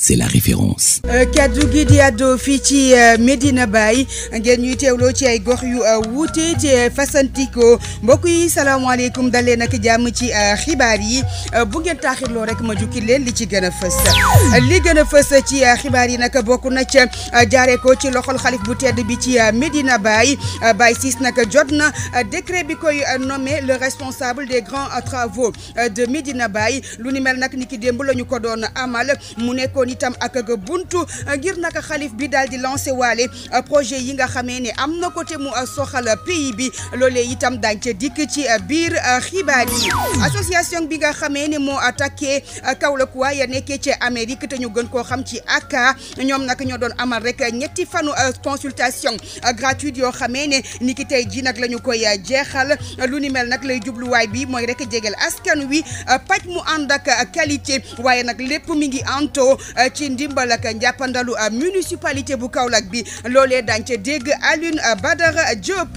c'est la référence. Euh, kaddu gi di àddoo fii ci euh, Medina Baye ngeen ñuy teewloo ci ay gox yu euh, wuute te fasantikoo mbokk yi salaamaaleykum dalee nag jàmm ci xibaar yi bu ngeen taaxirloo rek ma jukki leen li ci gën a fës li gën a fës ci xibaar yi nag bokk na ca jaaree ko ci loxol xalif bu tedd bi ci Medina Baye Baye Ciss nag jot na décret bi koy nommé le responsable des grands travaux de Medina Baye lu ni mel nag ni ki démb la ko doon amal mu nekkoon. itam ak ak buntu ngir naka xalif bi daal di lancé waale projet yi nga xamee ne am na côté mu soxal pays bi loolee itam daañ ca dikk ci biir xibaar yi association bi nga xamee ne moo attaqué Kaolack waaye nekkee ci Amérique te ñu gën koo xam ci aka ñoom nag ñoo doon amal rek ñetti fanu consultation gratuite yoo xamee ne ni ki tey ji nag la ñu koy jeexal lu ni mel nag lay jubluwaay bi mooy rek jegeel askan wi paj mu ànd ak qualité waaye nag lépp mi ngi anto Euh, ci ndimbal ak njàppandalu euh, municipalité bu Kaolack bi loole dañ ca dégg Alioune euh, Badara Diop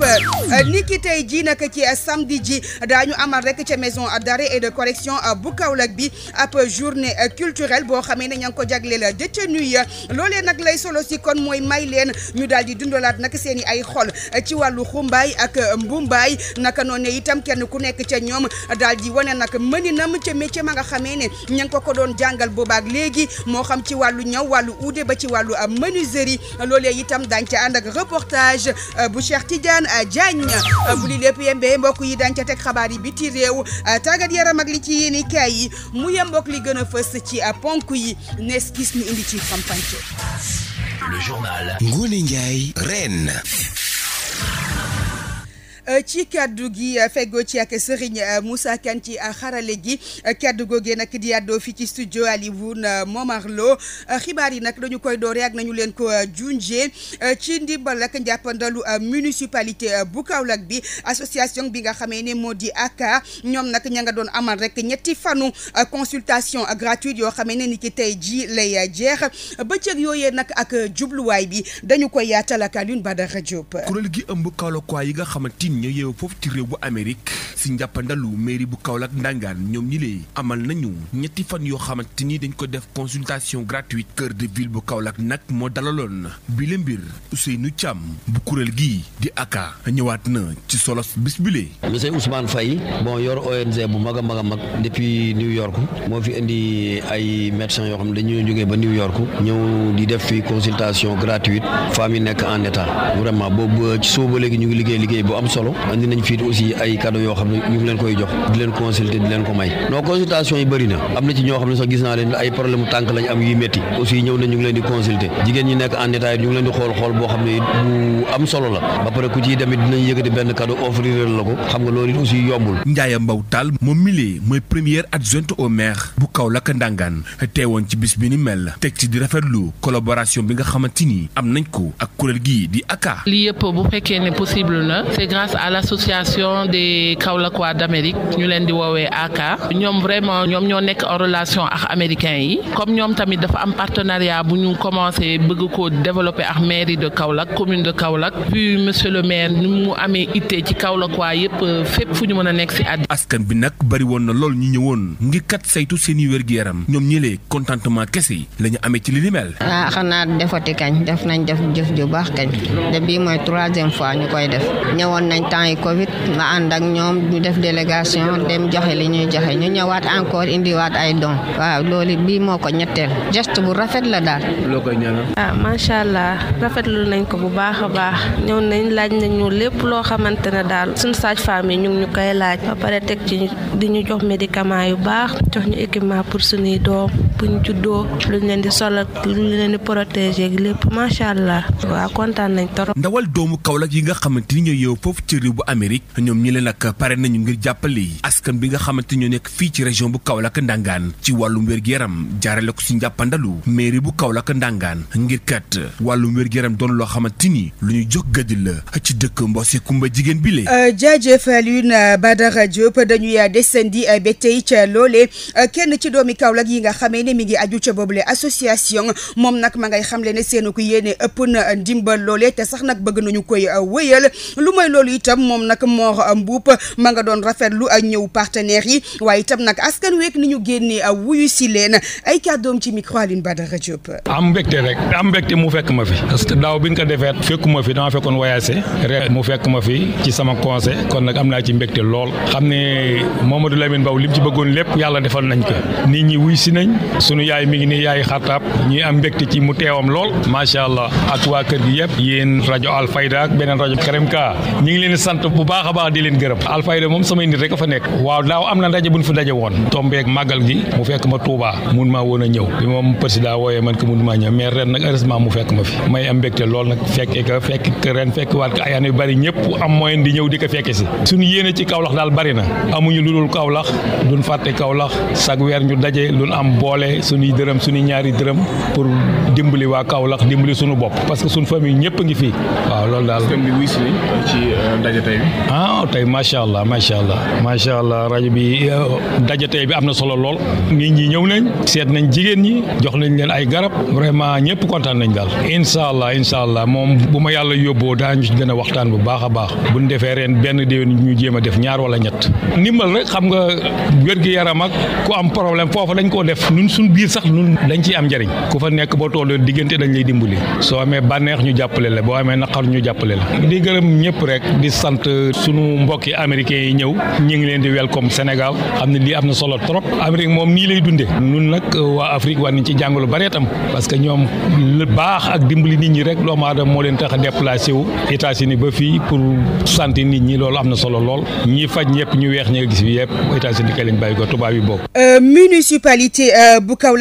niki tey jii nag ci samedi ji daañu amal rek ca maison d'arrêt et de correction bu Kaolack bi ab journée culturelle boo xamee ne ña ngi ko jagleel détenu ya loolee nag lay solo si kon mooy may leen ñu daal di dundalaat nak seen i ay xol ci wàllu xumbaay ak mbumbaay naka noonu itam kenn ku nekk ca ñoom daal di wane nag mëninam ca métier ma nga xamee ne ña ngi ko ko doon jàngal boobaak léegi xam ci wàllu ñaw wàllu uude ba ci wàllu euh, menuiserie loolee itam daañu ca ànd ak reportage euh, bu Cheikh Tidiane euh, Diagne bu li lépp yembee mbokk yi daañu ca teg xabaar yi biti réew tàggat yaram ak li ci yéeni yi mu yembook li gën a fës ci ponk yi nes gis ñu indi ci fampance le journal Ngoné Ndiaye Reine Euh, ci keddu gi euh, feggoo ci ak Serigne euh, Moussa kan ci xarale gi kaddu googee nag di àddoo fii ci studio Alioune Momar Lo xibaar yi nag dañu koy doore ak nañu leen ko junjee ci ndimbal ak njàppandalu municipalité bu Kaolack bi association bi nga xamee ne moo di ACCA ñoom nag ña nga doon amal rek ñetti fanu consultation gratuite yoo xamee ne ni ki tey ji lay jeex bëccëg yooyee nag ak jubluwaay bi dañu koy yaatal ak Alioune Badara Diop. kuréel yi nga xamante ñu yeewu foofu ci réew bu Amérique si njàppandalu mairie bu Kaolack Ndangaan ñoom ñi lee amal nañu ñetti fan yoo xamante ni dañ ko def consultation gratuite cœur de ville bu Kaolack nag moo dalaloon bi le mbir Ousseynou Thiam bu kuréel gii di aka ñëwaat na ci solos bis bile monsieur Ousmane fay bon yor ONG bu mag a mag a mag depuis New York moo fi indi ay médecins yoo xam ne dañoo jógee ba New York ñëw di def fi consultation gratuite femmes yi nekk en état vraiment boobu ci suba léegi ñu ngi liggéey solo andi nañ fii aussi ay cadeau yoo xam ne ñu ngi leen koy jox di leen consulter di leen ko may non consultation yi bëri am na ci ñoo xam ne sax gis naa leen ay problème tànk lañ am yuy métti aussi ñëw na ñu ngi leen di consulter jigéen ñi nekk en état ñu ngi leen di xool xool boo xam ne bu am solo la ba pare ku ciy demit dinañ yëkkati benn cadeau offrir la ko xam nga loolu it aussi yombul Ndiaye Mbaw Tall moom milee mooy première adjointe au bi ni mel teg ci di grâce à l'association des Kaolackois d'Amérique ñu leen di woowee AK ñoom vraiment ñoom ñoo nekk en relation ak américains yi comme ñoom tamit dafa am partenariat bu ñu commencé bëgg ko développer ak mairie de Kaolack commune de Kaolack puis monsieur le maire ni mu amee ittee ci Kaolackois yëpp fépp fu ñu mën a nekk si àddina. askan bi nag bari woon na lool ñu ñëwoon ngir kat saytu seen i wér yaram ñoom ñëlee contentement kese la ñu amee ci li li mel. ah xanaa def nañ def jëf ju baax kañ bii mooy fois ñu koy def temps yi Covid nga ànd ak ñoom ñu def délégation dem joxe li ñuy joxe ñu ñëwaat encore indiwaat ay don waaw loolu bii moo ko ñetteel geste bu rafet la daal. loo koy ñaanal. ah macha allah rafetlu nañ ko bu baax a baax ñëw nañ laaj nañu lépp loo xamante ne daal suñu sage-femme yi ñu ñu koy laaj ba pare teg ci di ñu jox médicament yu baax jox ñu équipement pour suñuy doom bu ñu juddoo lu ñu leen di solal lu ñu leen di protéger lépp macha allah waaw kontaan nañ torop ci réew bu Amérique ñoom ñi leen nag pare nañu ngir jàppale askan bi nga xamante ñoo nekk fii ci région bu Kaolack Ndangaan ci wàllum wér-gu-yaram jaarale ko si njàppandalu mairie bu Kaolack Ndangaan ngir kat wàllum wér-gu-yaram loo xamante ni lu ñu jóg la ci dëkk Mbossé Kumba jigéen bi le euh, jaajëf Alioune euh, Badara Diop dañuy euh, desandi ba tey ca loolee kenn ci doomi Kaolack yi nga xamee ne mi ngi aju ca boobule association moom nag ma ngay xamle ne seen ko yéene ëpp na ndimbal loole te sax nag bëgg nañu koy wéyal lu mooy loolu itam moom nag Mor Mboup ma nga doon rafetlu ñëw partenaires yi waaye tam nag askan week ni ñu génnee wuyu si leen ay kàddoom ci micro Aline Badara Diop. am mbégte rek am mu fekk ma fi parce que daaw bi ñu ko defee fekkuma fi dama fekkoon voyagé rek mu fekk ma fi ci sama conseil kon nag am naa ci mbégte lool xam ne moom ma Mamadou Lamine Mbow li mu ci bëggoon lépp yàlla defal nañ ko nit ñi wuy si nañ sunu yaay mi ngi nii yaay xartaab ñuy am mbégte ci mu teewam lool macha allah ak waa kër gi yëpp yéen rajo Alfayda ak leen sant bu baax a baax di leen gërëm Alfayda moom samay nit rek a fa nekk waaw daaw am na ndaje buñ fa daje woon tombeeg màggal gi mu fekk ma Touba mun maa woon a ñëw bi moom président wooyee man ko mun maa ñëw mais ren nag heureusement mu fekk ma fi may am mbégte lool nag fekkee ka fekk ren fekk waat ko ay année yu bari ñëpp am moyen di ñëw di ko si suñu yéene ci Kaolack daal bari na amuñu lu dul Kaolack duñ fàtte Kaolack chaque ñu daje luñ am boole dimbali waa Kaolack dimbali suñu bopp parce que suñu famille ñëpp a ngi fii waaw loolu daal. thème bi wuyu si ci euh, ndaje tey bi. ah tey macha allah macha allah macha allah rajo bi euh, ndaje tey bi am na solo lool nit ñi ñëw nañ seet nañ jigéen ñi jox nañ leen ay garab vraiment ñëpp kontaan nañ daal incha allah incha allah moom bu ma yàlla yóbboo daañu gën a waxtaan bu baax a baax bu ñu defee reen benn déwén ñu jéem a def ñaar wala ñett ndimbal rek xam nga wér gi yaram ak ku am problème foofu dañ koo def ñun suñu biir sax ñun dañ ciy am njëriñ bokkoo diggante dañ lay dimbali soo amee bànneex ñu jàppale la boo amee naqar ñu jàppale la di gërëm ñëpp rek di sant sunu mbokki américains yi ñëw ñu ngi leen di welcome Sénégal xam ne lii am na solo trop Amérique moom nii lay dundee nun nag waa Afrique war nañ ci jàng lu bare tam parce que ñoom lu baax ak dimbali nit ñi rek doomu aadama moo leen tax a déplacé wu États-Unis ba fii pour sant nit ñi loolu am na solo lool ñi faj ñëpp ñu weex ñi gis bi yëpp États-Unis kay lañ bàyyi yi bokk euh,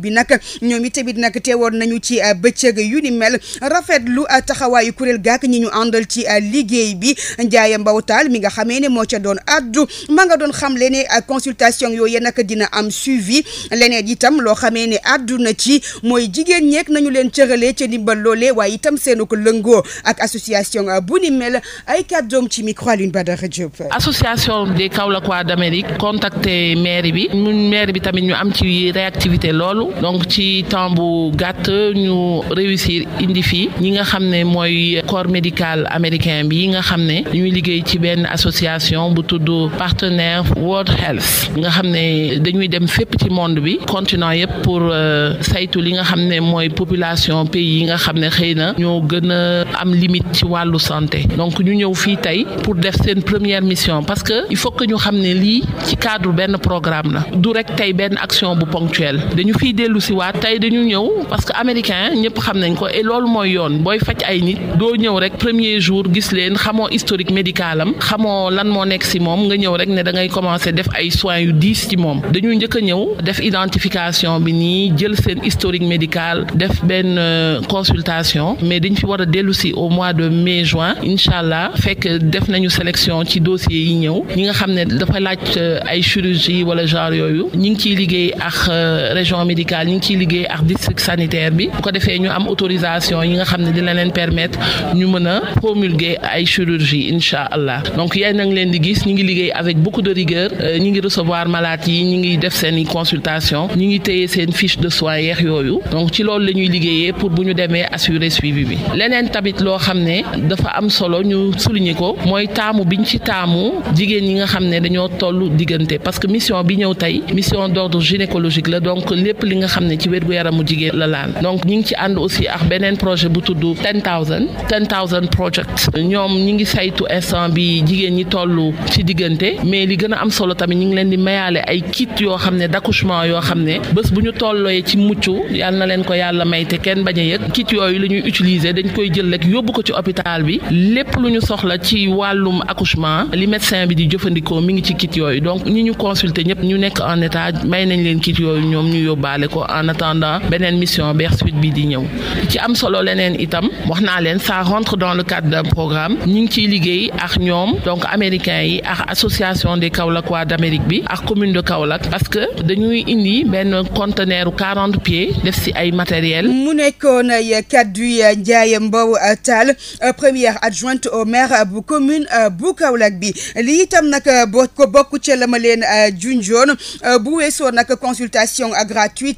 bi nag ñoom it tamit nag teewoon nañu ci euh, bëccëg yu ni mel rafetlu euh, taxawaayu kuréel gàkk ñi ñu àndal ci euh, liggéey bi Ndiaye Mbaw mi nga xamee ne moo ca doon addu ma nga doon xam leen ne consultation yooyu nag dina am suivi leneen itam loo xamee ne addu na ci mooy jigéen ñeek nañu leen cëralee ci ndimbal loole waaye itam seenu ko lëngoo ak association bu ni mel ay kàddoom ci micro Alioune Badara Diop. association de des Kaolackois d'Amérique contacté mairie bi ñun mairie bi tamit ñu am ci réactivité loolu donc ci temps bu gàtt ñu réussir indi fii ñi nga xam ne mooy corps médical américain bi yi nga xam ne dañuy liggéey ci benn association bu tudd partenaire World xam ne dañuy dem fépp ci monde bi continent yëpp pour euh, saytu li nga xam ne mooy population pays yi nga xam ne xëy na ñoo gën a am limite ci wàllu santé donc ñu ñëw fii tey pour def seen première mission parce que il faut que ñu xam ne lii ci cadre benn programme la du rek tey benn action bu ponctuelle dañu fii dellu si waat tey dañu ñëw parce que américain ñëpp xam nañ ko et loolu mooy yoon booy faj ay nit doo ñëw rek premier jour gis leen xamoo historique médical am xamoo lan moo nekk si moom nga ñëw rek ne da ngay commencer def ay soin yu diis ci moom dañuy njëkk a ñëw def identification bi nii jël seen historique médical def benn euh, consultation mais dañ fi war a dellu si au mois de mai juin incha allah fekk def nañu sélection ci dossiers yi ñëw ñi nga xam ne dafa laaj euh, ay chirurgie wala genre yooyu ñi ngi ciy liggéey euh, médical ñu ngi ciy liggéey ak district sanitaire bi bu ko defee ñu am autorisation yi nga xam ne dina leen permettre ñu mën a promulguer ay chirurgie incha allah donc yéen nag leen di gis ñu ngi liggéey avec beaucoup de rigueur euh, ñu ngi recevoir malades yi ñu ngi def seeni i consultation ñu ngi téye seen fiche de soins yeex yooyu donc ci loolu lañuy ñuy liggéeyee pour bu ñu demee assurer suivi bi leneen tamit loo xam ne dafa am solo ñu souligner ko mooy taamu biñ ci taamu jigéen ñi nga xam ne dañoo toll diggante parce que mission bi ñëw tey mission d'ordre la donc nga xam ne ci wérgu yaramu jigéen la laal donc ñi ngi ci ànd aussi ak beneen projet bu tudd ten thousand ten thousand project ñoom ñi ngi saytu instant bi jigéen ñi toll ci diggante mais li gën a am solo tamit ñi ngi leen di mayaale ay kiit yoo xam ne d'accouchement yoo xam ne bés bu ñu tolloyee ci mucc yal na leen ko yàlla may te kenn bañ a yëg kit yooyu la ñuy utiliser dañ koy jël rek yóbbu ko ci hôpital bi lépp lu ñu soxla ci wàllum accouchement li médecin bi di jëfandikoo mi ngi ci kit yooyu donc ñi ñu consulter ñëpp ñu nekk en ko en attendant beneen mission beex suite bi di ñëw ci am solo leneen itam wax naa leen ça rentre dans le cadre d'un programme ñu ngi ciy liggéey ak ñoom donc américains yi ak association des Kaolack waa d'Amérique bi ak commune de Kaolack parce que dañuy indi benn conteneur 40 pieds def si ay matériel mu nekkoon ay kaddu euh, Ndiaye Mbow euh, Tall euh, première adjointe au maire bu commune bu Kaolack bi lii itam nag boo ko la ma leen junjoon bu weesoo nag consultation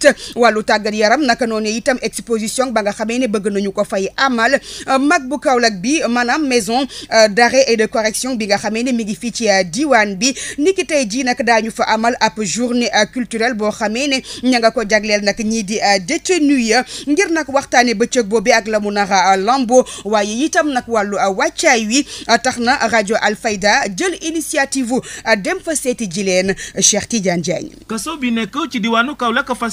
it wàllu tàggat yaram naka noonu itam exposition ba nga xamee ne bëgg nañu ko fay amal euh, mag bu Kaolack bi maanaam maison euh, d'arrêt et de correction bi nga xamee ne mu ngi fii ci euh, diwaan bi ni ki tey jii nag daañu fa amal ab journée culturelle boo xamee ne ña nga ko jagleel nag ñii di détenu ya ngir nag waxtaane bëccëg boobu ak la mu a lambo waaye itam nag wàllu wàccaay wi tax na rajo Alfayda jël initiative dem fa seeti ji leen Cheikh Tidiane Diagne kaso bi nekk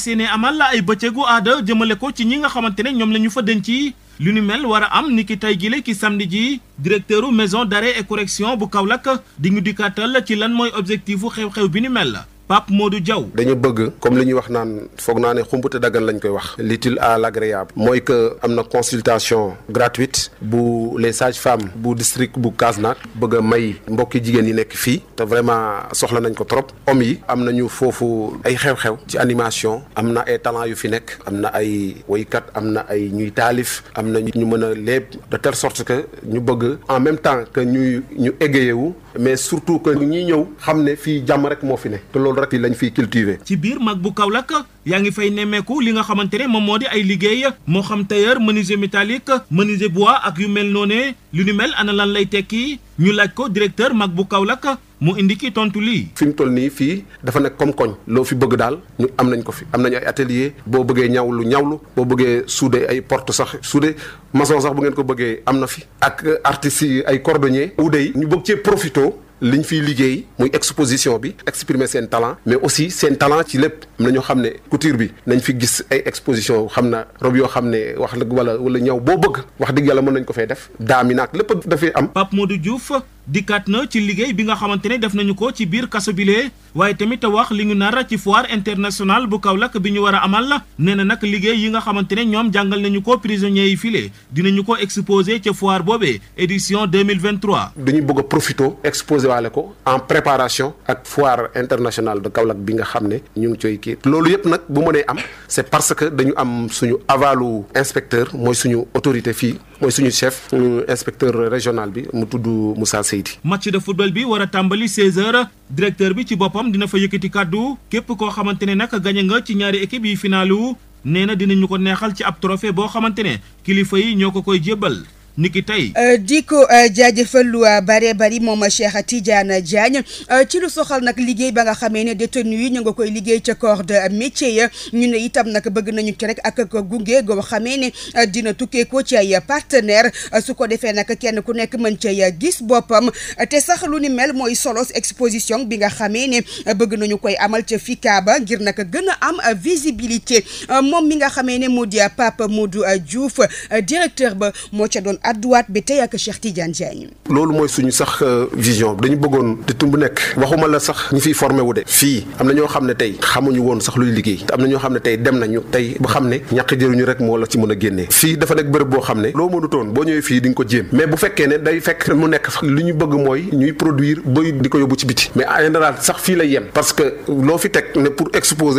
yéene amal ay bëccëgu aada jëmale ko ci ñi nga xamante ne ñoom la ñu fa denc lu ni mel war a am ni ki tey gile ki samedi ji directeuru maison d'arrêt et correction bu kaw Kaolack di ñu dikkaatal ci lan mooy objectifu xew-xew bi ni mel. moo Modou Diaw. dañu bëgg comme li ñuy wax naan foog naa ne xumbute daggan lañ koy wax. l'utile à l'agréable. mooy que am na consultation gratuite bu les sages-femmes bu district bu Kasnack bëgg a may mbokki jigéen yi nekk fii te vraiment soxla nañ ko trop hommes yi am nañu foofu ay xew-xew ci animation am na ay talent yu fi nekk am na ay woykat am na ay ñuy taalif am na ñu mën a léeb de telle sorte que ñu bëgg en même temps que ñuy ñu égayewu mais surtout que ñi ñëw xam ne fii jàmm rek moo fi ne loolu rek lañ cultiver. ci biir mag bu Kaolack yaa ngi fay nemmeeku li nga xamante ne moom moo di ay liggéey moo xam tailleur menuisier métallique menuisier bois ak yu mel noonu lu ni mel ana lan lay tekki ñu laaj ko directeur mag bu Kaolack mu indi ki tontu lii. fi mu toll nii fii dafa nekk comme koñ loo fi bëgg daal ñu am nañ ko fi am nañu ay atelier boo bëggee ñaw lu ñaw lu boo bëggee soudé ay porte sax soudé mason sax bu ngeen ko bëggee am na fi. ak artistes ay cordonnier. wuude yi ñu li ñu fiy liggéey muy exposition bi exprimer seen talent mais aussi seen talent ci lépp am na ñoo xam ne couture bi nañ fi gis ay exposition xam na rob yoo xam ne wax dëgg wala wala ñëw boo bëgg wax dëgg yàlla mën nañ ko fee def daami naak lépp dafay am Pape Modou Diouf dikkaat na ci liggéey bi nga xamante ne def nañu ko ci biir kaso bile waaye tamit wax li ñu nar ci foire internationale bu Kaolack bi ñu war a amal la nee na nag liggéey yi nga xamante ne ñoom jàngal nañu ko prisonniers yi file dinañu ko exposé ca foire boobee édition 2023. dañuy bëgg a profité exposé waale ko en préparation ak foire internationale de Kaolack bi nga xam ne ñu ngi cooy kii loolu yëpp nag bu mënee am c'est parce que dañu am suñu avalu inspecteur mooy suñu autorité fii. mooy suñu chef suñu inspecteur régional bi mu tudd Moussa Seydi. match de football bi war a tàmbali 16h directeur bi ci boppam dina fa yëkkati kàddu képp koo xamante ne nag gañe nga ci ñaari équipe yi finaalu nee na dinañu ko neexal ci ab trophée boo xamante ne kilifa yi ñoo ko koy jébbal. niki tey. Euh, di ko euh, jaajëfal lu euh, bare bari moom a Cheikh Tidiane Diagne ci lu soxal nag liggéey ba nga xamee ne détenu yi ñu nga koy liggéey ca corps de métier ya ñu ne itam nag bëgg nañu ci rek ak gunge goo xamee ne dina tukkee ko ci ay partenaire su ko defee nag kenn ku nekk mën cay gis boppam te sax lu ni mel mooy solos exposition bi nga xamee ne bëgg nañu koy amal ca ba ngir nag a gën a am visibilité moom mi nga xamee ne moo di Pape Modou Diouf directeur ba moo ca doon. adduwaat ba tey ak Cheikh Tidiane Diagne. loolu mooy suñu sax euh, vision dañu bëggoon te tumb nekk waxuma la sax ñi fi formé wu de fii am na ñoo xam ne tey xamuñu woon sax luy liggéey te am na ñoo xam ne tey dem nañu tey ba xam ne ñàkk jëriñu rek moo la ci mën a génnee fii dafa nekk bërëb boo xam ne loo mënutoon boo ñëwee fii di nga ko jéem mais bu fekkee ne day fekk mu nekk sax li ñu bëgg mooy ñuy produire bay di ko yóbbu ci biti mais en sax que loo fi teg ne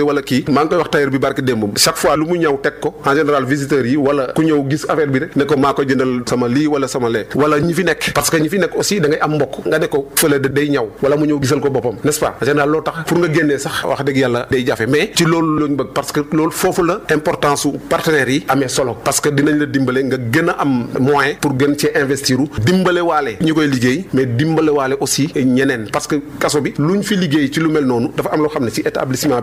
wala kii maa ngi koy wax tailleur bi barke démb chaque fois lu yi wala ku ñëw gis affaire sama lii wala sama lee wala ñi fi nekk parce que ñi fi nekk aussi da ngay am mbokk nga ne ko fële day ñaw wala mu ñëw gisal ko boppam n'est-ce pas en général loolu tax pour nga génnee sax wax dëgg yàlla day jafe mais ci loolu lañ bëgg parce que loolu foofu la importance su partenaires yi amee solo parce que dinañ la dimbale nga gën a am moyen pour gën cee investir dimbale waale ñu koy liggéey mais dimbalewaale aussi ñeneen parce que kaso bi luñ fi liggéey ci lu mel noonu dafa am loo xam ne ci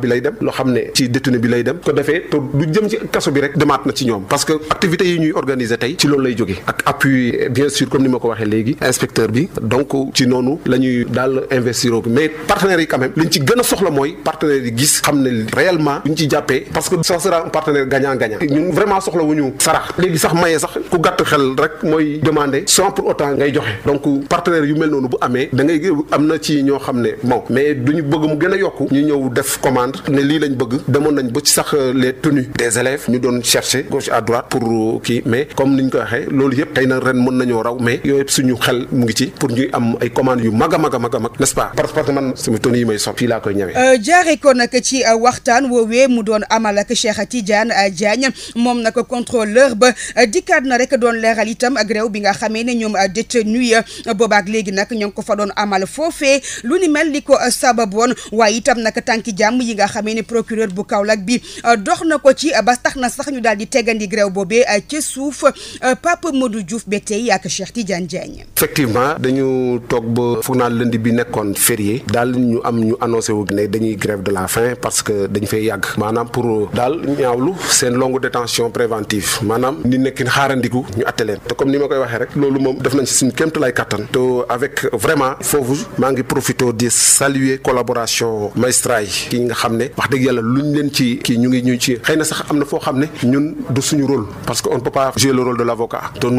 bi lay dem loo xam ne ci détenu bi lay dem ko defee te du jëm kaso bi rek demaat na ci ñoom parce que activités yi ñuy organiser tey ci loolu lay jóge ak appui bien sûr comme ni ma ko waxee léegi inspecteur bi donc ci noonu la ñuy daal investir mais partenaires yi quand même liñ ci gën a soxla mooy partenaires yi gis xam ne réellement ñu ci jàppee parce que ça sera un partenaire gagnant gagnant ñun vraiment soxla wu ñu sarax léegi sax maye sax ku gàtt xel rek mooy demander sans pour autant ngay joxe donc partenaire yu mel noonu bu amee da ngay am na ci ñoo xam ne bon mais duñu bëgg mu gën a yokku ñu ñëw def commande ne lii lañ bëgg demoon nañ ba ci sax les tenues des ñu doon chercher gauche à droite pour kii mais comme niñ ko waxee loolu yëpp yëpp xëy na ren mën nañoo raw mais yooyu yëpp suñu xel mu ngi ci pour ñuy am ay commandes yu mag a mag a mag a mag n'est-ce pas parce que man sama tenue yi sol fii laa koy ñëwee. Euh, jaaree ko nag ci euh, waxtaan woowee mu doon amal ak Cheikh Tidiane euh, Diagne moom nag contrôleur ba dikkaat na rek doon leeral itam ak réew bi nga xamee ne ñoom détenu ya boobaak léegi nag ñoo ngi ko fa doon amal foofee lu ni mel ni ko sababoon waaye itam nag tànki jàmm yi nga xamee ne procureur bu Kaolack bi dox na ko ci ba tax na sax ñu daal di teggandi réew boobee ca Abdou Diouf ba tey ak Cheikh Tidiane Diagne. effectivement dañu toog ba foog naa lundi bi nekkoon férié daal ñu am ñu annoncé wu ne dañuy grève de la fin parce que dañ fay yàgg maanaam pour daal ñaawlu seen longue détention préventive maanaam ni nekkin xaarandiku ñu atte leen te comme ni ma koy waxee rek loolu moom def nañ si suñu kéemtalaay kattan te avec vraiment foofu maa ngi profité di saluer collaboration magistrat yi ki nga xam ne wax dëgg yàlla luñ leen ci kii ñu ngi ñu ci xëy na sax am na foo xam ne ñun du suñu rôle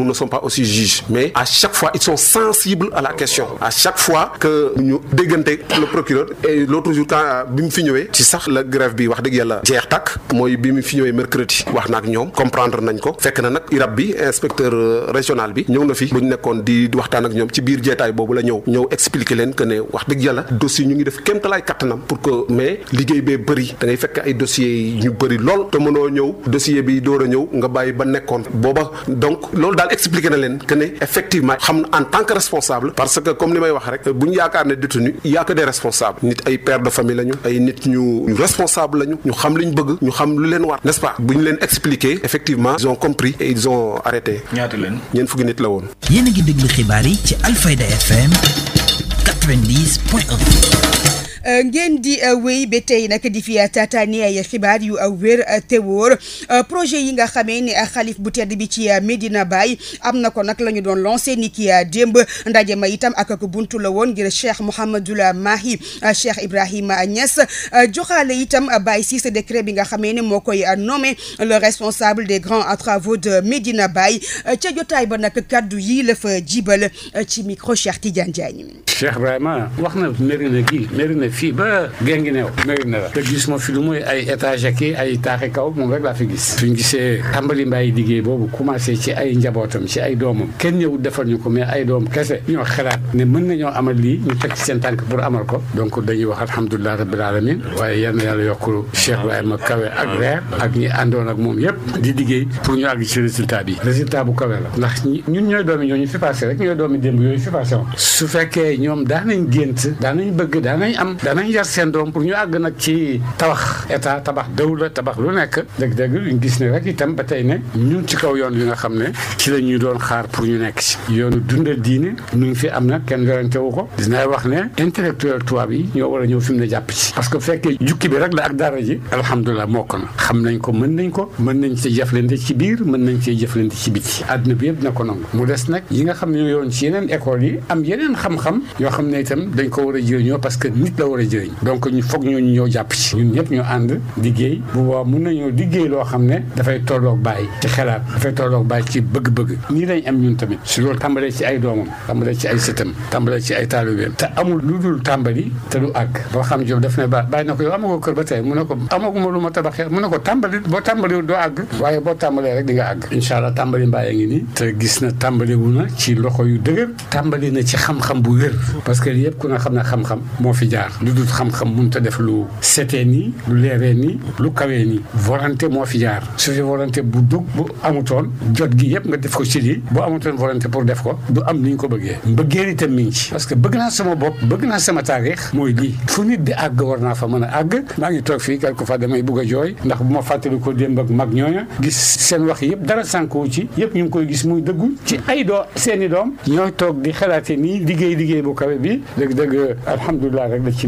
ne sont pas aussi juges mais à chaque fois ils sont sensibles à la question à chaque fois que ñu déggante le procureur et l'autre jour quand euh, bi mu fi ñëwee ci sax la grève bi wax dëgg yàlla jeex takk mooy bi mu fi ñëwee mercredi wax na ak ñoom comprendre nañ ko fekk na nag irab bi inspecteur euh, régional bi ñëw na fi bu ñu nekkoon di waxtaan ak ñoom ci biir jeetaay boobu la ñëw ñëw expliquer leen que ne wax dëgg yàlla dossier ñu ngi def kéemtalaay kattanam pour que mais liggéey bee da ngay fekk ay dossiers ñu bëri lool te mënoo ñëw dossier bi door a ñëw ba nekkoon booba expliqué na leen que ne effectivement xam en tant que responsable parce que comme li may wax rek bu ñu yaakaar ne détenu yaa que des responsables nit ay père de famille lañu ay nit ñu responsable lañu ñu xam li ñu bëgg ñu xam lu leen war n'est-ce pas bu leen expliqué effectivement ils ont compris et arrêté. ñaata leen ñeent fukki nit la woon. yéen a ngi déglu xibaar yi ci Alfayda FM Euh, ngeen di euh, wéy ba tey nag di fi euh, taataani ay xibaar yu wér te wóor projet yi nga xamee ne xalif bu tedd bi ci Medina Baye am na ko nag la ñu doon lancé ni ki démb ndaje ma itam ak ak buntu la woon ngir Cheikh Mouhamadul Mahi Cheikh Ibrahima Niass joxaale itam Baye si sa décret bi nga xamee ne moo koy nommé le responsable des grands travaux de Medina Baye ca jotaay ba nag kaddu yi laf fa jibal ci micro Cheikh Tidiane Diagne. jógee fii ba Guinguinéo Médina te gis ma fi lu muy ay étage ak ay taaxi kaw moom rek laa fi gis suñ gisee Ambali Mbaye liggéey boobu commencé ci ay njabootam ci ay doomam kenn ñëwul defal ñu ko mais ay doom kese ñoo xalaat ne mën nañoo amal lii ñu teg ci seen tànk pour amal ko donc dañuy wax alhamdulilah rabbil alamin waaye yal na yàlla yokkul Cheikh Ibrahima kawe ak reer ak ñi àndoon ak moom yëpp di liggéey pour ñu àgg ci résultat bi résultat bu kawe la ndax ñun ñooy doomi ñooñu fi passé rek ñooy doomi démb ñu fi passé woon su fekkee ñoom daan nañ gént daan bëgg daan am danañ yar seen doom pour ñu àgg nag ci tabax état tabax dawla tabax lu nekk dëgg-dëgg ñu gis ne rek itam ba tey ne ñun ci kaw yoon wi nga xam ne ci la ñuy doon xaar pour ñu nekk ci yoonu dundal diine ñu ngi fi am na kenn werante wu ko dinaay wax ne intellectuel tubaab yi ñoo war a ñëw fi mu ne jàpp ci parce que fekkee jukki bi rek la ak dara ji alhamdulilah mokk na xam nañ ko mën nañ ko mën nañ ci jëflante ci biir mën nañ ci jëflante ci biti àdduna bi yëpp na ko nangu mu des nag yi nga xam ne yoon ci yeneen école yi am yeneen xam yoo xam ne itam dañ ko war a jëriñoo war a jëriñ donc ñu foog ñooñu ñoo jàpp ci ñun ñëpp ñu ànd liggéey bu boobaa mun nañoo liggéey loo xam ne dafay tolloog bàyyi ci xelaat dafay tolloog bàyyi ci bëgg-bëgg nii ay doomam lu dul tàmbali te du àgg ba ba tey mu ne ko amaguma lu ma tabaxee mu ne ko tàmbali boo tàmbaliwul doo àgg waaye boo tàmbalee rek di nga àgg incha allah tàmbali mbàyyi ngi nii te gis na tàmbaliwu na ci loxo yu dëgër tàmbali na ci xam-xam bu wér parce que yëpp ku na xam ne xam-xam moo fi jaar lu dul xam-xam mënut a def lu setee nii lu leeree nii lu kawee nii volonté moo fi jaar su fi volonté bu dug bu amutoon jot gi yëpp nga def ko ci lii bu amutoon volonté pour def ko du am ni ko bëggee mbëggeel itam mi ngi parce que bëgg naa sama bopp bëgg naa sama taarix mooy lii fu nit di àgg war naa fa mën a àgg maa ngi toog fii quelque fois damay bugg a jooy ndax bu ma fàttali ko démb ak mag ñooña gis seen wax yëpp dara sànkuwu ci yëpp ñu ngi koy gis muy dëggul ci ay doo seeni doom ñooy toog di xalaate nii liggéey liggéey bu kawe bi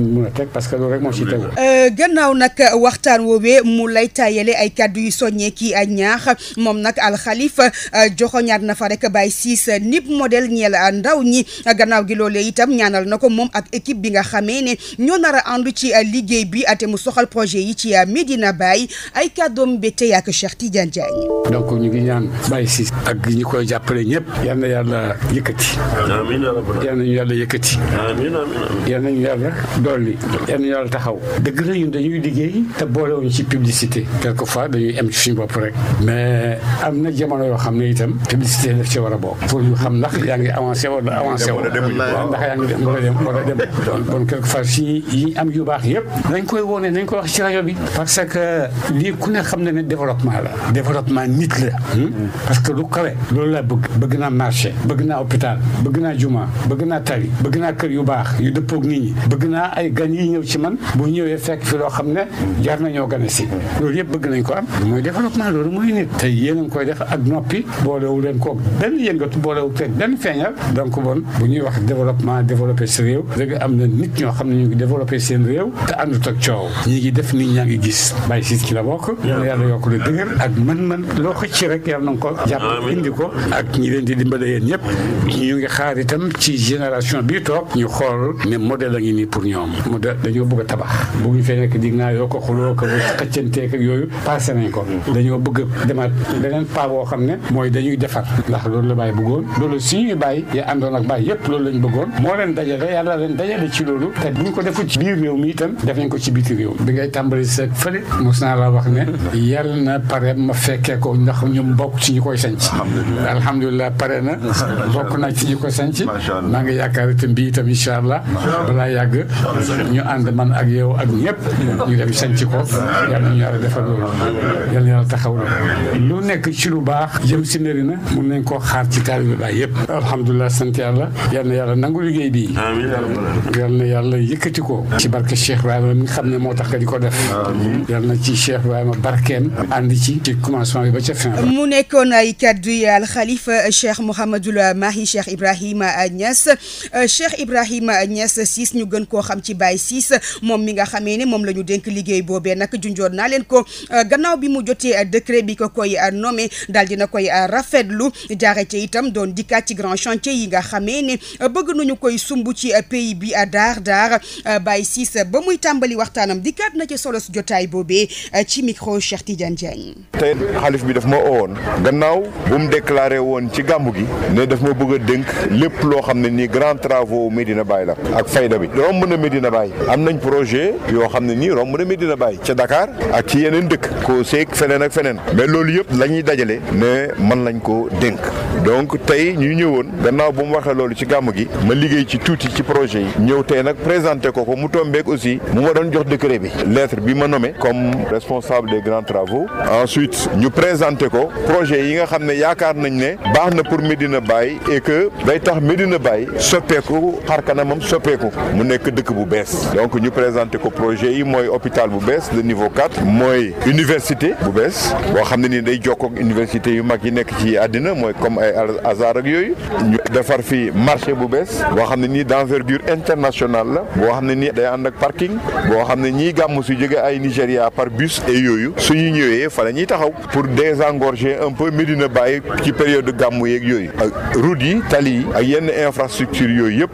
mën a teg parce que loolu rek moo ci tegu. Euh, gannaaw nag waxtaan woowee mu lay taayale ay kàddu yu soññee kii ak ñaax moom nag alxalif euh, joxoñaat na fa rek bàyyi siis nib modèle ñeel ndaw ñi gannaaw gi loolee itam ñaanal na ko moom ak équipe bi nga xamee ne ñoo nar a àndu ci euh, liggéey bi te mu soxal projet yi ci Medina Baye ay kàddoom mbette yaa ko Cheikh Tidiane Diagne. donc ñu gi ñaan bàyyi siis ak ñi koy jàppale ñëpp. yal na yàlla yëkkati. amiin na ñu yàlla yëkkati. amiin amiin yal na ñu dolli yal na yàlla taxaw dëgg la ñun dañuy liggéey te boolewuñ ci publicité quelquefois dañuy am ci yoo xam ne itam publicité daf ci war a bokk pour ñu xam ndax yaa ngi avancé wala avancé wala ndax yaa ngi dem wala dem wala dem bon koy wone nañ koy wax ci rajo parce que lii ku ne xam na ne développement la développement nit la hmm? parce que lu kawe loolu laa bëgg bëgg naa marché bëgg naa hôpital bëgg naa juma bëgg naa tali bëgg naa kër yu baax yu dëppoog nit ñi bëgg naa ay gan yi ñëw ci man bu ñëwee fekk fi loo xam ne jar nañoo gan a si loolu yëpp bëgg nañ ko am mooy développement loolu mooy nit te yéen a ngi koy def ak noppi boolewu leen ko benn yëngatu boolewu teg benn feeñal donc ñuy wax développement développé si réew dëgg am na nit ñoo xam ne ñu ngi développé seen réew te àndut ak coow ñi ngi def nit ñaa ngi gis bàyyi siis ci la bokk yàlla yokk lu dëgër ak man-man loo ko rek yàlla na ko jàpp indi ko ak ñi leen di dimbale yéen ñëpp ñu ngi xaar itam ci génération bi toog ñu xool ne modèle a ngi nii pour ñoom ñoom mu da dañoo bëgg a tabax bëgguñu fee nekk dig naa yoo ko xuloo ko xëccanteek ak yooyu passé nañ ko mm-hmm. dañoo bëgg a demaat beneen pas boo xam ne mooy dañuy defar ndax loolu la bàyyi bëggoon loolu suñuy bàyyi ya àndoon ak bàyyi yëpp loolu lañ bëggoon moo leen dajale yàlla leen dajale ci loolu te bu ñu ko deful ci biir réew mi itam def nañ ko ci biti réew bi ngay tàmbali sa fële mos naa la wax ne yàlla na pare ma fekkee ko ndax ñoom bokk ci ñu koy sanc alhamdulilah pare na bokk naa ci ñu koy sanc maa ngi yaakaar itam bi itam incha allah balaa yàgg ñu ànd man ak yow ak ñëpp ñu dem sanc ko yal nañu yàlla defal na yàlla taxaw lu nekk ci lu baax jëm si nëri na mun nañ koo xaar ci taalibe Baay yëpp alhamdulilah sant yàlla yal na yàlla nangu liggéey bii yal na yàlla yëkkati ko ci barke Cheikh Ibrahima mi nga xam ne moo tax nga di ko def yal na ci Cheikh Ibrahima barkeem ànd ci ci commencement bi ba ca fin mu nekkoon ay kaddu yi alxalifa Cheikh Mouhamadul Mahi Cheikh Ibrahima Niass Cheikh Ibrahima Niass am ci Baye Ciss moom mi nga xamee ne moom la ñu dénk liggéey boobee nag junjoon naa leen ko euh, gannaaw bi mu jotee euh, décret bi ko koy euh, nommé daal dina koy rafetlu jaare ci itam doon dikkaat ci grand chantier yi nga xamee ne bëgg nañu koy sumb ci pays bi daar daar Baye Ciss ba muy tàmbali waxtaanam dikkaat na ci solo si jotaay boobee ci micro Cheikh Tidiane Diagne. tey xalif bi daf ma owoon gannaaw bu mu déclaré woon ci gàmmu gi ne daf ma bëgg dënk lépp loo xam ne nii grand travaux Medina la Medina Baye am nañ projet yoo xam ne nii romb na Medina Baye ca Dakar ak ci yeneen dëkk ko seeg feneen ak feneen mais loolu yëpp la ñuy dajale ne man lañ ko dénk donc tey ñu ñëwoon gannaaw bu mu waxee loolu ci gàmm gi ma liggéey ci tuuti ci projet yi ñëw tey nag présenté ko ko mu tombeek aussi mu ma doon jox décret bi lettre bi ma nommé comme responsable des grands travaux ensuite ñu présenté ko projet yi nga xam ne yaakaar nañ ne baax na pour Medina Baye et que day tax Medina Baye soppeeku soppeeku mu nekk dëkk bu bees donc ñu présenté ko projet yi mooy hôpital bu bees de niveau 4 mooy université bu bees boo xam ne nii day jokkook université yu mag yi nekk ci àddina mooy comme ay Azhar ak yooyu ñu defar fi marché bu bees boo xam ne nii d'envergure internationale la boo xam ne nii day ànd ak parking boo xam ne ñiy gàmm su jóge ay Nigéria par bus et yooyu suñu ñëwee fa la ñuy taxaw pour désengorger un peu Médina Baye ci période de gàmm yeeg yooyu ak route yi tali yi yooyu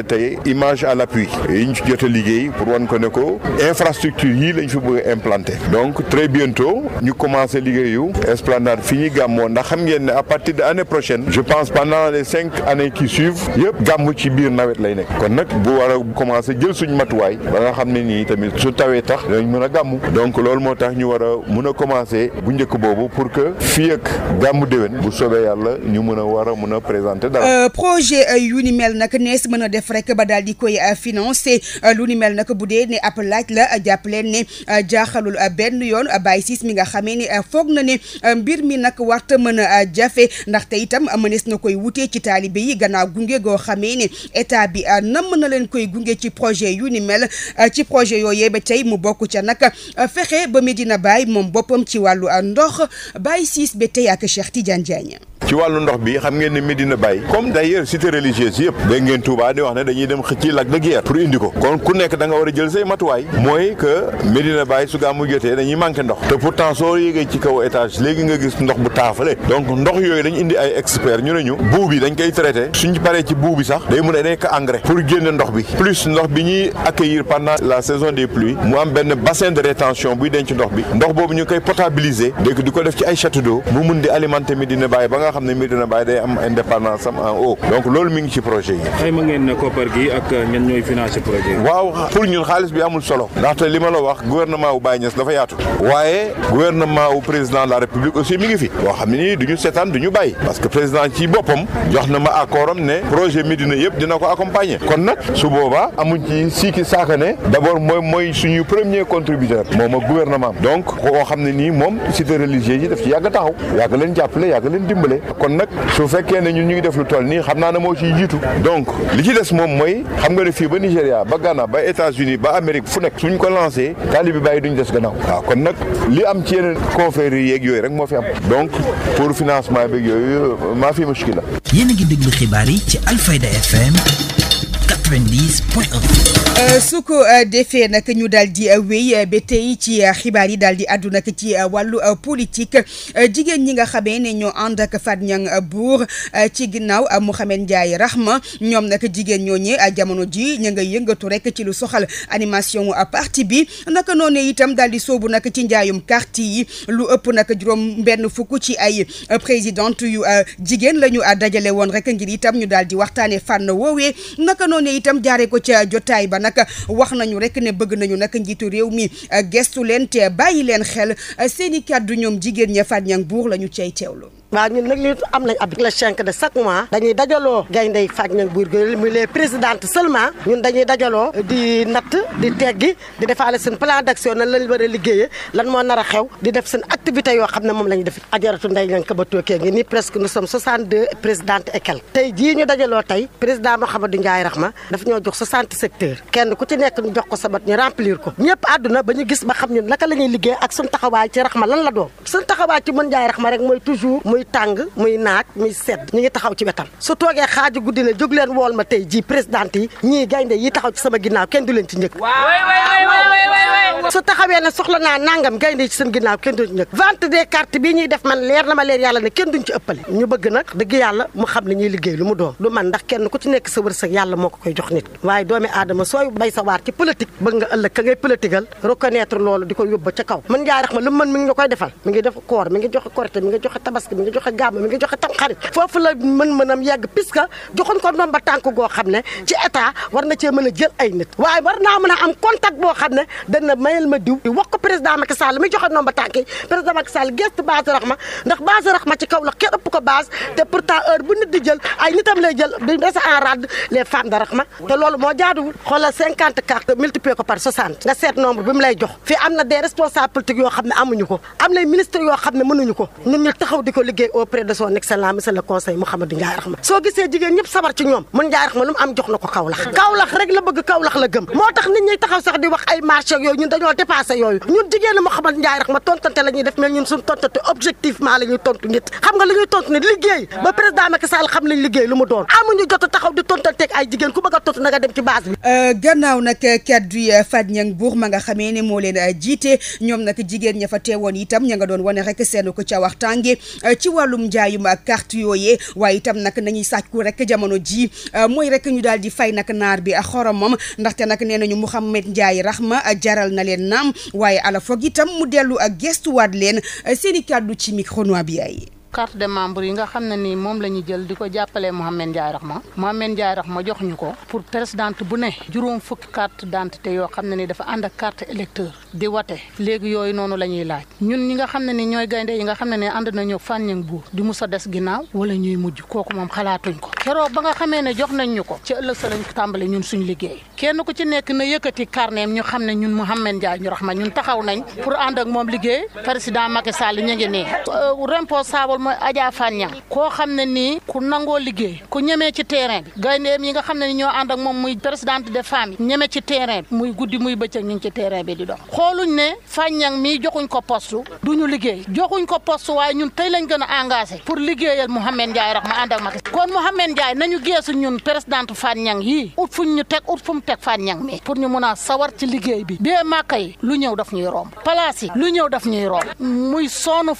xamante tey image à l'appui yi ñu ci jot a liggéey pour wan ko ne ko infrastructure yii lañ fi bëgg a donc très bientôt ñu commencé liggéeyu esplanade fi ñuy gàmmoo ndax xam ngeen ne à partir de année prochaine je pense pendant les cinq années qui suivent yëpp gàmm ci biir nawet lay nekk kon nag bu war a commencé jël suñ matuwaay ba nga xam ne nii tamit su tawee tax dañ mën a gàmm donc loolu moo tax ñu war a mën a commencé bu njëkk boobu pour que fii ak gàmm déwén bu soobee yàlla ñu mën a war a a présenter euh, euh, a def ba daal di koy euh, financé euh, lu ni mel nag bu dee ne ab laaj la euh, jàpp leen ne jaaxalul benn yoon Baye Ciss mi nga xamee ne foog na ne mbir mi nag warta mën a jafe ndax te itam mënees na koy wutee ci taalibe yi gannaaw gunge goo xamee ne état bi nam na leen koy gunge ci projet yu ni mel ci projet yooyee ba tey mu bokk ca nag fexe ba Medina Baye moom boppam ci wàllu ndox Baye Ciss ba tey ak Cheikh Tidiane Diagne ci wàllu ndox bi xam ngeen ne Medina ne dañuy dem xëcci Lac de Guiers pour indi ko kon ku nekk da war a jël say matuwaay mooy que Medina Baye su gàmmu jotee dañuy manqué ndox te pourtant soo yéegee ci kaw étage léegi nga gis ndox bu taafale donc ndox yooyu dañ indi ay experts ñu ne ñu buu bi dañ koy traité suñ paree ci buu bi sax day mun a nekk engrais pour génn ndox bi plus ndox bi ñuy accueillir pendant la saison des pluies mu am benn bassin de rétention buy denc ndox bi ndox boobu ñu koy potabiliser dégg di ko def ci ay château d'eau mu mun di alimenter Medina Baye ba nga xam ne Medina Baye day am am en eau donc loolu mi ngi ci projet yi koppar gi ak ñan ñooy financer projet waaw pour ñun xaalis bi amul solo ndaxte li ma la wax gouvernement wu Baye Niass dafa yaatu waaye gouvernement wu président la république aussi mi ngi fi boo xam ne nii du ñu seetaan du ñu bàyyi parce que président ci boppam jox na ma accord am ne projet Médina yëpp dina ko accompagner kon nag su boobaa amuñ ci siiki saaka ne d'abord mooy mooy suñu premier contributeur moom ak gouvernement donc koo xam ne nii moom si religieux yi daf ci yàgg taxaw yàgg leen jàppale yàgg leen dimbale kon nag su fekkee ñu ngi def lu toll nii xam naa ne moo ciy jiitu gis moom mooy xam nga ne fii ba Nigéria ba Ghana ba États-Unis ba Amérique fu nekk suñ ko lancé taalibe Baay duñ des gannaaw waaw kon nag li am ci yeneen confréries yeeg yooyu rek moo fi am donc pour financement beeg yooyu maa fi muskila yéen a ngi déglu xibaar yi ci Alfayda FM Euh, su ko euh, defee nag ñu daal di euh, wéy ba tey ci xibaar yi daal di àddu nag ci wàllu politique jigéen ñi nga xamee ne ñoo ànd ak Fatou Niang Bour ci ginnaaw Mouhamed Ndiaye Rahma ñoom nag jigéen ñoo ñooñee jamono ji ñu nga yëngatu rek ci lu soxal animation parti bi naka noonu itam daal di soobu nag ci njaayum karti yi lu ëpp nag juróom benn fukk ci ay présidente yu jigéen lañu ñu dajale woon rek ngir itam ñu daal di waxtaanee fànn woowee naka noonu itam jaare ko ca jotaay ba nag nag wax nañu rek ne bëgg nañu nag njiitu réew mi euh, gestu leen te bàyyi leen xel euh, seeni kàddu ñoom jigéen ña Fatou Niang Bour la ñu cay teewlu. waaw ñun nag li am nañ habitude le cinq de chaque mois dañuy dajaloo gaynde yi faj ñag buur gi mu les ñun dañuy dajaloo di natt di teggi di defaale seen plan d'action moo nar a di def seen activité yoo xam ne moom la ñu def ajaratu nday ñang ka ba tookee ngi nii presque nous sommes 62 présidente et quelques tey jii ñu dajaloo tey président Mouhamadou Ndiaye ma daf ñoo jox 60 secteurs kenn ku ci nekk ñu jox ko sabat ñu remplir ko ñëpp àdduna ba ñu gis ba xam ñun naka la ñuy liggéey ak suñ taxawaay ci ma lan la doon suñ muy tàng muy naaj muy sedd ñu ngi taxaw ci wetam su toogee xaaju guddi na wool ma tey ji présidente yi ñii gaynde yi taxaw ci sama ginnaaw kenn du leen ci njëkk su taxawee ne soxla naa nangam gaynde ci seen ginnaaw kenn duñ ñëkk vente des cartes bii ñuy def man leer na ma leer yàlla ne kenn duñ ci ëppale ñu bëgg nag dëgg yàlla mu xam ne ñuy liggéey lu mu doon lu man ndax kenn ku ci nekk sa wërsëg yàlla moo ko koy jox nit waaye doomi aadama di joxe gàmm mi ngi joxe ko ndomba tànk goo xam ne ci état war na cee mën jël ay nit waaye war naa mën am contact boo xam ne dana mayal ma diw wax ko président Macky Sall mi joxe ndomba tànk yi président Macky Sall gestu base raxma ndax base raxma ci kaw la kenn ëpp ko te pourtant heure bu di jël ay nitam lay jël di rese en rade les femmes de raxma te ko am na des responsables xam ne amuñu ko am ko ñun ñu taxaw di ko liggéey liggéey auprès de son excellence monsieur conseil Mouhamadou Ndiaye Rahma soo gisee jigéen ñëpp sabar ci ñoom mun Ndiaye Rahma lu am jox ko Kaolack Kaolack rek la bëgg Kaolack la gëm moo tax nit ñi taxaw sax di wax ay marché yooyu ñun dañoo dépassé yooyu ñun jigéenu ah. lu mu doon amuñu jot taxaw di tontanteeg ay jigéen ku bëgg a tontu na nga dem ci base euh, gannaaw nag euh, kaddu yi euh, Fat Niang Bour ma nga xamee ne moo leen jiite ñoom nag jigéen ña fa teewoon itam ña nga doon wane rek seen ci wàllum njaayum carte yooyee waaye itam nag nañuy sàccu rek jamono ji euh, mooy rek ñu daal di fay nag naar bi xoromam ndaxte nag nee nañu Mouhamed Ndiaye Rahma jaral na leen naam waaye ala foog itam mu dellu ak gestuwaat leen euh, seeni kàddu ci micro noir bi carte de membre yi nga xam ne ni moom la ñu jël di ko jàppalee Mohamed Ndiaye Rahma Mohamed Ndiaye Rahma jox ñu ko pour présidente bu ne juróom fukki carte d'identité yoo xam ne ni dafa ànd ak carte di wate léegi yooyu noonu la ñuy laaj ñun ñi nga xam ne ni ñooy gaynde yi nga xam ne ne ànd nañu fan ñang buur di musa des ginnaaw wala ñuy mujj kooku moom xalaatuñ ko keroog ba nga xamee ne jox nañ ñu ko ci ëllëg sa lañ tàmbale ñun suñ liggéey kenn ku ci nekk na yëkkati carneem ñu xam ne ñun Mohamed Ndiaye ñu Rahma ñun taxaw nañ pour ànd ak moom président Macky Sall ñu ngi nii euh, mooy Adja Fania koo xam ne nii ku nangoo liggéey ku ñemee ci terrain bi gayndeem yi nga xam ne ni ñoo ànd ak moom muy présidente de femmes yi ñeme ci terrain bi muy guddi muy bëccëg ñu ngi ci terrain bi di dox xooluñ ne Fania mii joxuñ ko poste ñu liggéey joxuñ ko poste waaye ñun tey lañ gën a engagé pour liggéeyal Mouhamed Ndiaye rax ma ànd ak Macky kon Mouhamed Ndiaye nañu geesu ñun présidente Fania yii ut fuñ ñu teg ut fu mu teg Fania mi pour ñu mun a sawar ci liggéey bi bee màkka yi lu ñëw daf ñuy romb place yi lu ñëw daf ñuy romb muy soonu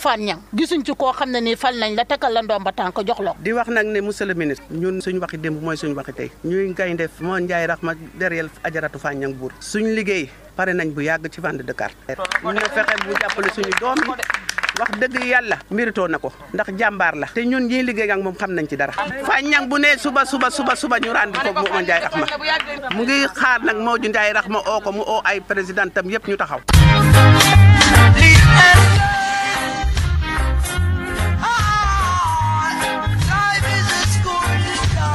nii fal nañ la takkal la ba tànk jox la di wax nag ne monsieur le ministre ñun suñu waxi démb mooy suñu waxi tey ñuy ngay def moo njaay raxma derrière ajaratu fàññang buur suñu liggéey pare nañ bu yàgg ci vente de carte ñu fexe bu jàppale suñu doom yi wax dëgg yàlla méritoo na ko ndax jàmbaar la te ñun ñii liggéey ak moom xam nañ ci dara fàññang bu ne suba suba suba suba ñu ràndi ko moo njaay raxma mu ngi xaar nag moo ju njaay ma oo ko mu oo ay président tam yëpp ñu taxaw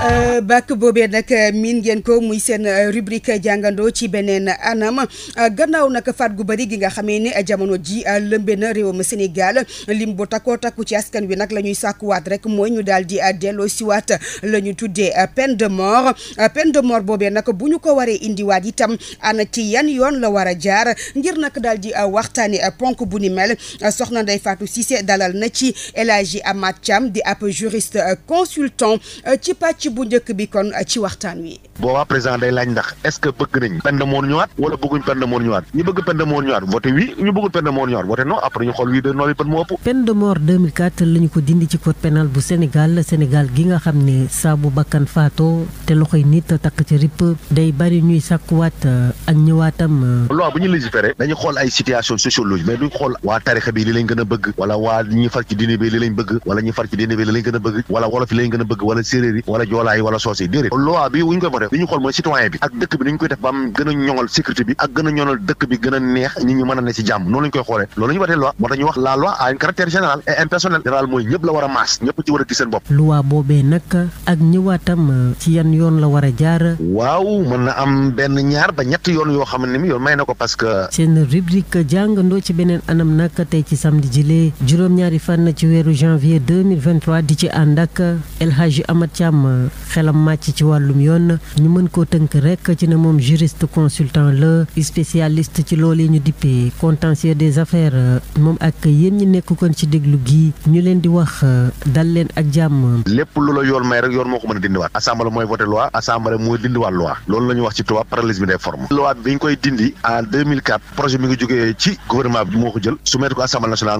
Euh, bàkk boobee nag euh, miin ngeen ko muy seen euh, rubrique jàngandoo ci beneen anam gannaaw nag faat gu bëri gi nga xamee ni jamono ji lëmbe na réewam Sénégal lim bu takkoo takku ci askan wi nag la ñuy sàkkuwaat rek mooy ñu daal di delloo siwaat la ñu tuddee peine de mort peine de mort boobee nag bu ñu ko waree indiwaat yi tam ana ci yan yoon la war a jaar ngir nag daal di waxtaane ponk bu ni mel soxna nday Fatou Cissé dalal na ci El amaat Amath Thiam di ab juriste consultant bu njëkk bi kon ci waxtaan wi. boobaa président day laaj ndax est-ce que bëgg nañ peine de mort ñëwaat wala bëgguñ peine de mort ñëwaat ñu bëgg peine ñu bëggul peine de après ñu xool wii de noor yi peine moo ëpp. peine de mort ko dindi ci code pénal bu Sénégal Sénégal gi nga xam ne saa bu bakkan faatoo te yi nit takk ci ripp day bari ñuy sàkkuwaat euh, ak ñëwaatam. Euh. loi bu ñu légiféré dañu xool ay situation sociologique mais duñ xool waa tarixa bi li a bëgg wala waa ñi far ci diine bi li lañ bëgg wala ñi a bëgg wala wolof yi lañ gën a joolaa a a boobee nag ak ñëwaatam ci yan yoon la war a jaar waaw mën na am benn ñaar ba ñett yoon yoo xam ne mi yoon may na ko parce seen rubrique jàngandoo ci beneen anam nag tey ci samedi jilee juróom-ñaari fan ci weeru janvier di ci ànd ak El Hadji Amath xelam màcc ci wàllum yoon ñu mën koo tënk rek ci ne moom juriste consultant la spécialiste ci loolee ñu dippee contentieux des affaires moom ak yéen ñi nekk kon ci déglu gi ñu leen di wax dal leen ak jàmm. lépp lu yoon may rek yoon moo ko mën dindiwaat assemblée mooy voté loi assemblée mooy dindiwaat loi loolu la wax ci tubaab parallélisme des formes. loi bi dañ koy dindi en projet mi ngi jógee ci gouvernement bi moo ko jël soumettre ko assemblée nationale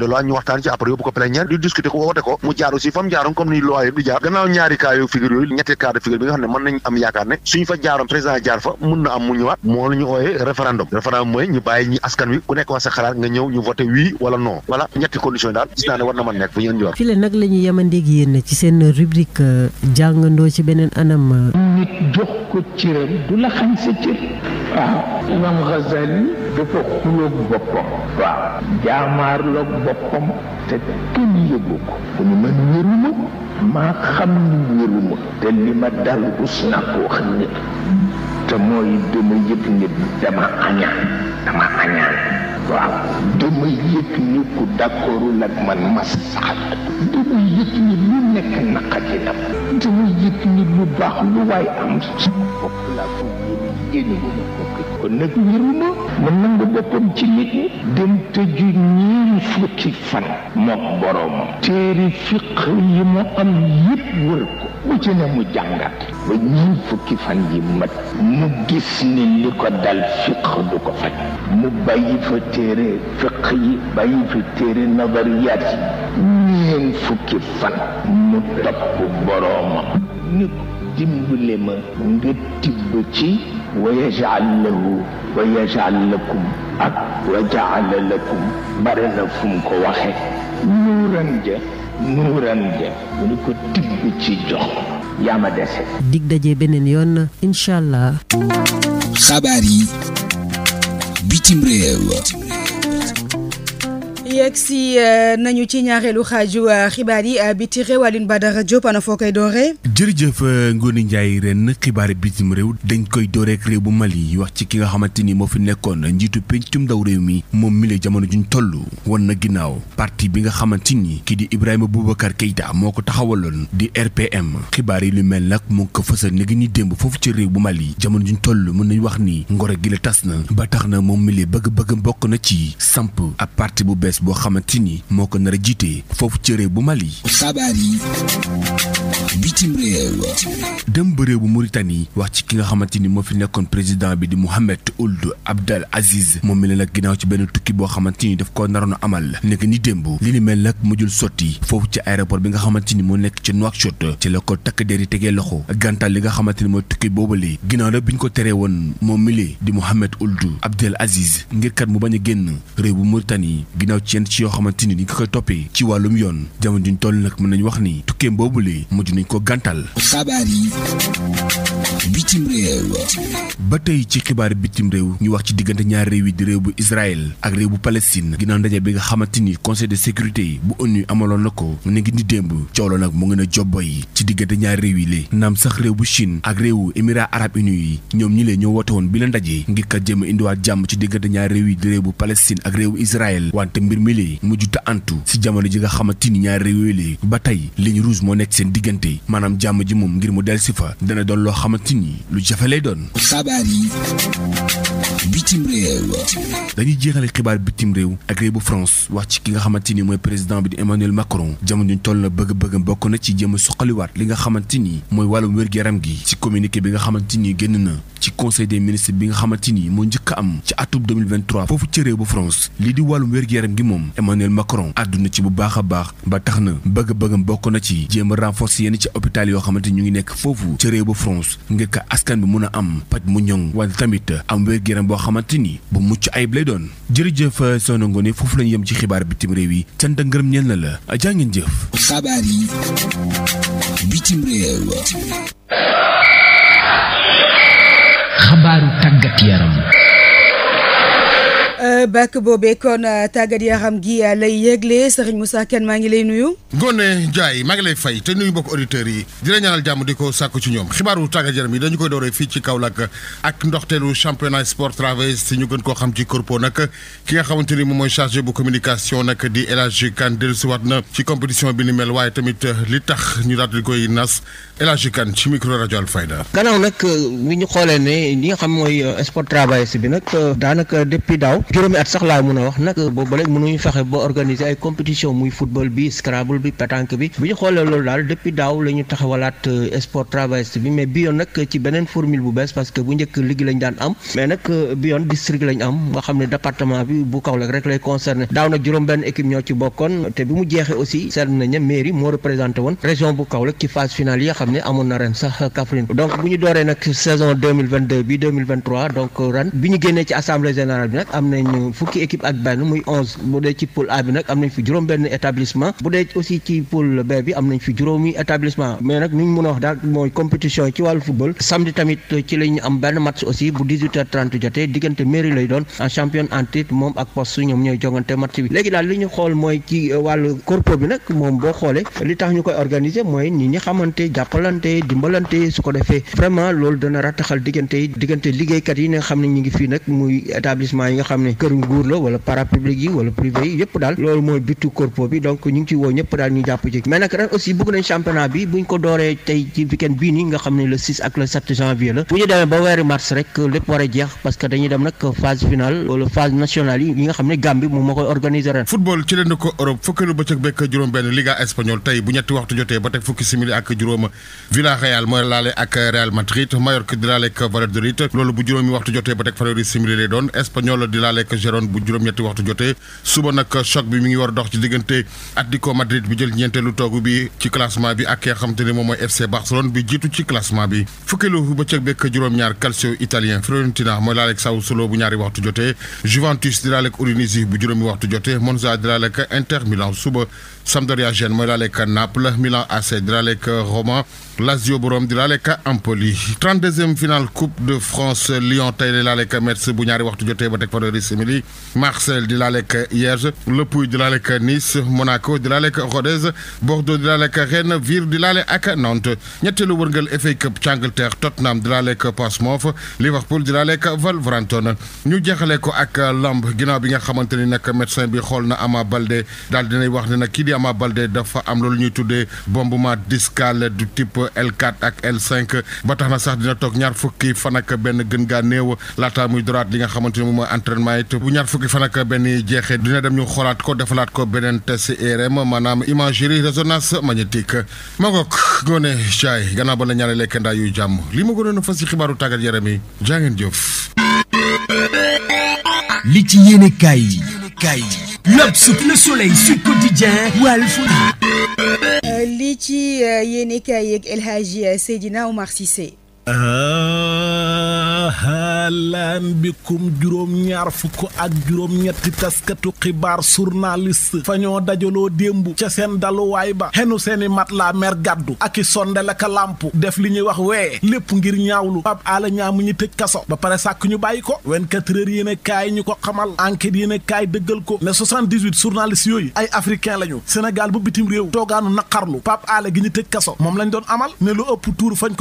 de loi ñu waxtaan ci après yóbbu ko plénière di discuter ko woote ko mu jaar aussi fa jaaroon comme ni loi yooyu ñetti cas de bi nga xam ne mën nañ am référendum référendum mooy ñu bàyyi ñi askan wi ku nekk wax sa xalaat nga ñëw ñu voté oui wala non voilà ñetti condition daal gis naa ne war na mën nekk bu ñu indi fii la nag la ñu yemandeeg yéen ci seen rubrique euh, jàngandoo ci beneen anam euh. nit jox ko cëram du la xañ sa cër waaw boppam te kenn yëgu ko mu ni man wéruma maa xam ni wéruma te li ma dal us naa ko wax nit te mooy dama yëg ni dama añaan dama añaan waaw dama yëg ni ku d'accordul ak man ma saxat dama yëg ni lu nekk naqati na dama yëg ni lu baax lu waay am su jëli kon nag wéruma man nangu boppam ci nit ñi dem tëju ñeen fukki fan mook boroomam téere fiq yi mu am yépp wër ko bu ne mu jàngat ba ñeen fukki fan yi mat mu gis ni li ko dal fiq du ko faj mu bàyyi fa téere fiq yi bàyyi fa téere nazariyaat yi ñeen fukki fan mu topp boroomam ni dimbale ma nga tibb ci wa yajal lahu wa fu mu ko waxe nuuran ja nuuran ja mu ni ko tibb ci jox yaa ma dese dig daje beneen yoon incha allah xabaar yi bitim réew yegg si euh, nañu ci ñaareelu xaaju euh, xibaar yi euh, biti réew Alioune Badara Diop ana foo koy dooree. jërëjëf Ngoné Ndiaye ren xibaar bitim réew dañ koy dooreek réew bu mal yi wax ci ki nga xamante ni moo fi nekkoon njiitu pencum ndaw réew mi moom mi jamono juñ toll wan na ginnaaw parti bi nga xamante ni kii di Ibrahima Boubacar Keïta moo ko taxawaloon di RPM xibaar yi lu mel nag mu ngi ko fësal ni ni démb foofu ci réew bu Mali jamono juñ toll mën nañu wax ni ngoro gi la tas na ba tax na moom mi bëgg-bëgg mbokk na ci samp ab parti bu bees bees boo xamante ni moo ko nar a jiite foofu ci réew bu Mali. xabaar yi bitim réew. dem ba réew bu Mauritanie wax ci ki nga xamante ni moo fi nekkoon président bi di Mohamed Ould Abdel Aziz moom mi la nag ginnaaw ci benn tukki boo xamante ni daf koo naroon a amal nekk ni démb li ni mel nag mujjul sotti foofu ci aéroport bi nga xamante ni moo nekk ci Nouakchott ci la ko takk der yi tegee loxo gantaal li nga xamante ni mooy tukki boobale ginnaaw nag bi ñu ko teree moom mi di Mohamed Ould Abdel Aziz ngir kat mu a génn yenn ci yoo xamante ni ñu ko koy toppee ci wàllum yoon jamono juñ toll nag mën nañu wax ni tukkeem boobule mujj nañ ko gàntal. xabaar yi. bitim réew ba tey ci xibaar bitim réew ñu wax ci diggante ñaari réew yi di réew bu Israël ak réew bu Palestine ginnaaw ndaje bi nga xamante ni conseil de sécurité bu ONU amaloon na ko mu nekk ni démb coolo nag mu ngeen a jobbo yi ci diggante ñaari réew yi lée naam sax réew bu Chine ak réewu Émirats arabes unis yi ñoom ñi leen ñoo woote woon bi la ndaje ngir kat jéem a indiwaat jàmm ci diggante ñaari réew yi di réew bu Palestine ak réewu Israël wante mbir mi lee mujj ta antu si jamono ji nga xamante ni ñaari réew ba tey ligne rouge moo nekk seen diggante maanaam jàmm ji moom ngir mu delsi xamante ni lu jafe lay doon. xabaar yi bitim réew. dañuy jeexale xibaar bitim réew ak réew bu France wax ci ki nga xamante ni mooy président bi di Emmanuel Macron jamono toll na bëgg bëgg bokk na ci jéem a suqaliwaat li nga xamante ni mooy wàllum wér-gu-yaram gi ci communiqué bi nga xamante ni génn na. ci conseil des ministres bi nga xamante ni moo njëkk am ci atum 2023 foofu ci réew ba France lii di wàllum wér-gu-yaram gi moom Emmanuel Macron àdduna ci bu baax baax ba tax na bëgg-bëggam bëgg bokk na ci jéem a renforcer yenn ci hôpital yoo xamante ñu ngi nekk foofu ci réew ba France ngir askan bi mun a am paj mu ñoŋ wala tamit am wér gi yaram boo xamante ni bu mucc ayib lay doon jërëjëf Soxna Ngoné foofu lañ yem ci xibaar bitim réew yi cant ak ngërëm ñeel na la jaa ngeen jëf xabaaru tàggat yaram bàkk boobee kon euh, tàggat yaram gi euh, lay yëgle Serigne Moussa Kane maa ngi lay nuyu. Ngoné Ndiaye maa ngi lay fay te nuyu mbokk auditeurs yi di la ñaanal jàmm di ko sàkku ci ñoom xibaaru tàggat yaram yi dañu koy dooree fii ci Kaolack ak ndoxteelu championnat sport travers si ñu gën koo xam ci corpo nag ki nga xam xamante ni moom mooy chargé bu communication nag di El Hadj Kane dellusiwaat na ci compétition bi ni mel waaye tamit euh, li tax ñu daal di koy nas El Hadj Kane ci micro rajo Alfayda. gannaaw nag bi ñu xoolee ne li nga xam mooy sport travers bi nag daanaka depuis juróomi at sax laay mën a wax nag boobu ba léegi mënuñu fexe ba organiser ay compétition muy football bi scrabble bi bi ñu xoolee loolu daal depuis daaw la ñu taxawalaat euh, sport traverse bi mais bi yoon nag ci beneen formule bu bees parce que bu njëkk ligue lañ daan am mais nag euh, bi yoon district lañ am nga xam ne département bi bu Kaolack rek lay concerné daaw nag juróom-benn équipe ñoo ci bokkoon te bi mu jeexee aussi seetlu nañ mairie moo représenté fukki équipe ak benn muy onze bu dee ci pôle A bi nag am nañ fi juróom benn établissement bu dee aussi ci pôle B bi am nañ fi juróomi établissement mais nag ni ñu mën daal mooy compétition ci wàllu football samedi tamit ci la am benn match aussi bu jotee diggante mairie lay doon en champion en titre moom ak poste ñoom ñooy jongante match bi léegi daal li ñu xool mooy ci wàllu corpo bi nag moom boo xoolee li tax ñu koy organiser mooy nit këru bu ñu waxtu jotee ba teg fukki simili ak juróom Villarreal mooy laale ak Real Madrid Mallorca di laale ak Valladolid loolu bu juróomi waxtu jotee ba teg fanweeri simili lay doon espagnol di laale ak Gérone bu juróom-ñetti waxtu jotee suba mi ngi war dox ci diggante Atlético Madrid bi jël ñeenteelu toogu bi ci classement ak ki nga xam ne moom mooy FC Barcelone bi jiitu ci classement bi fukkeelu bëccëg bekk juróom-ñaar Calcio italien Fiorentina mooy laaleeg bu ñaari waxtu jotee Juventus di laaleeg Udinese waxtu jotee Monza di laaleeg Inter Milan suba Sampdoria Gênes mooy laaleeg Naples Milan AC di laaleeg Roma Lazio bu Rome di laaleka Empoli 32e finale coupe de France Lyon tey di laaleka Metz bu ñaari waxtu jotee ba teg fanweeri simili Marseille di laaleka Hierge Le Puy di laaleka Nice Monaco di laaleka Rodez Bordeaux di laaleka Rennes Vire di laale ak Nantes ñetteelu wërngal FA Cup Tottenham di laaleka Portsmouth Liverpool di laaleka Wolverhampton ñu jeexalee ko ak lamb ginnaaw bi nga xamante ni nag médecin bi xool na Ama Baldé daal dinay wax ne nag kii di Ama Baldé dafa am loolu ñuy tuddee bombement discal L4 ak L5 ba tax na sax dina toog ñaar fukki fan ak benn gën gaa néew laataa muy doraat li nga xamante ni moom mooy entraînement it bu ñaar fukki fan ak benn jeexe dina dem ñu xoolaat ko defalaat ko beneen test IRM maanaam imagerie résonance magnétique moo ngoog Ngoné Ndiaye gannaaw ba la ñaanalee kendaa yuy jàmm li ma gënoon a fas ci xibaaru tàggat yaram yi jaa ngeen jëf li ci yéene kaay yéenekaay yi L'Obs, Le Soleil, Sud Quotidien, Walf euh, lii ci euh, yéenekaay yeeg El Hadji euh, Seydina lan bikum juróom ñaar fukk ak juróom ñetti taskatu xibaar journaliste fa ñoo dajaloo démb ca seen daluwaay ba xenu seeni mat la mer gàddu ak i sonde la ka làmp def li ñuy wax wee lépp ngir ñaawlu Pape Alé Niang mu ñu tëj kaso ba pare sàkk ñu bàyyi ko 24 heures yéen a kaay ñu ko xamal enquête yéen a kaay dëggal ko ne 78 journalistes yooyu ay africain la ñu Sénégal bu bitim réew toogaanu naqarlu Pape Alé gi ñu tëj kaso moom lañ doon amal ne lu ëpp tuur fañ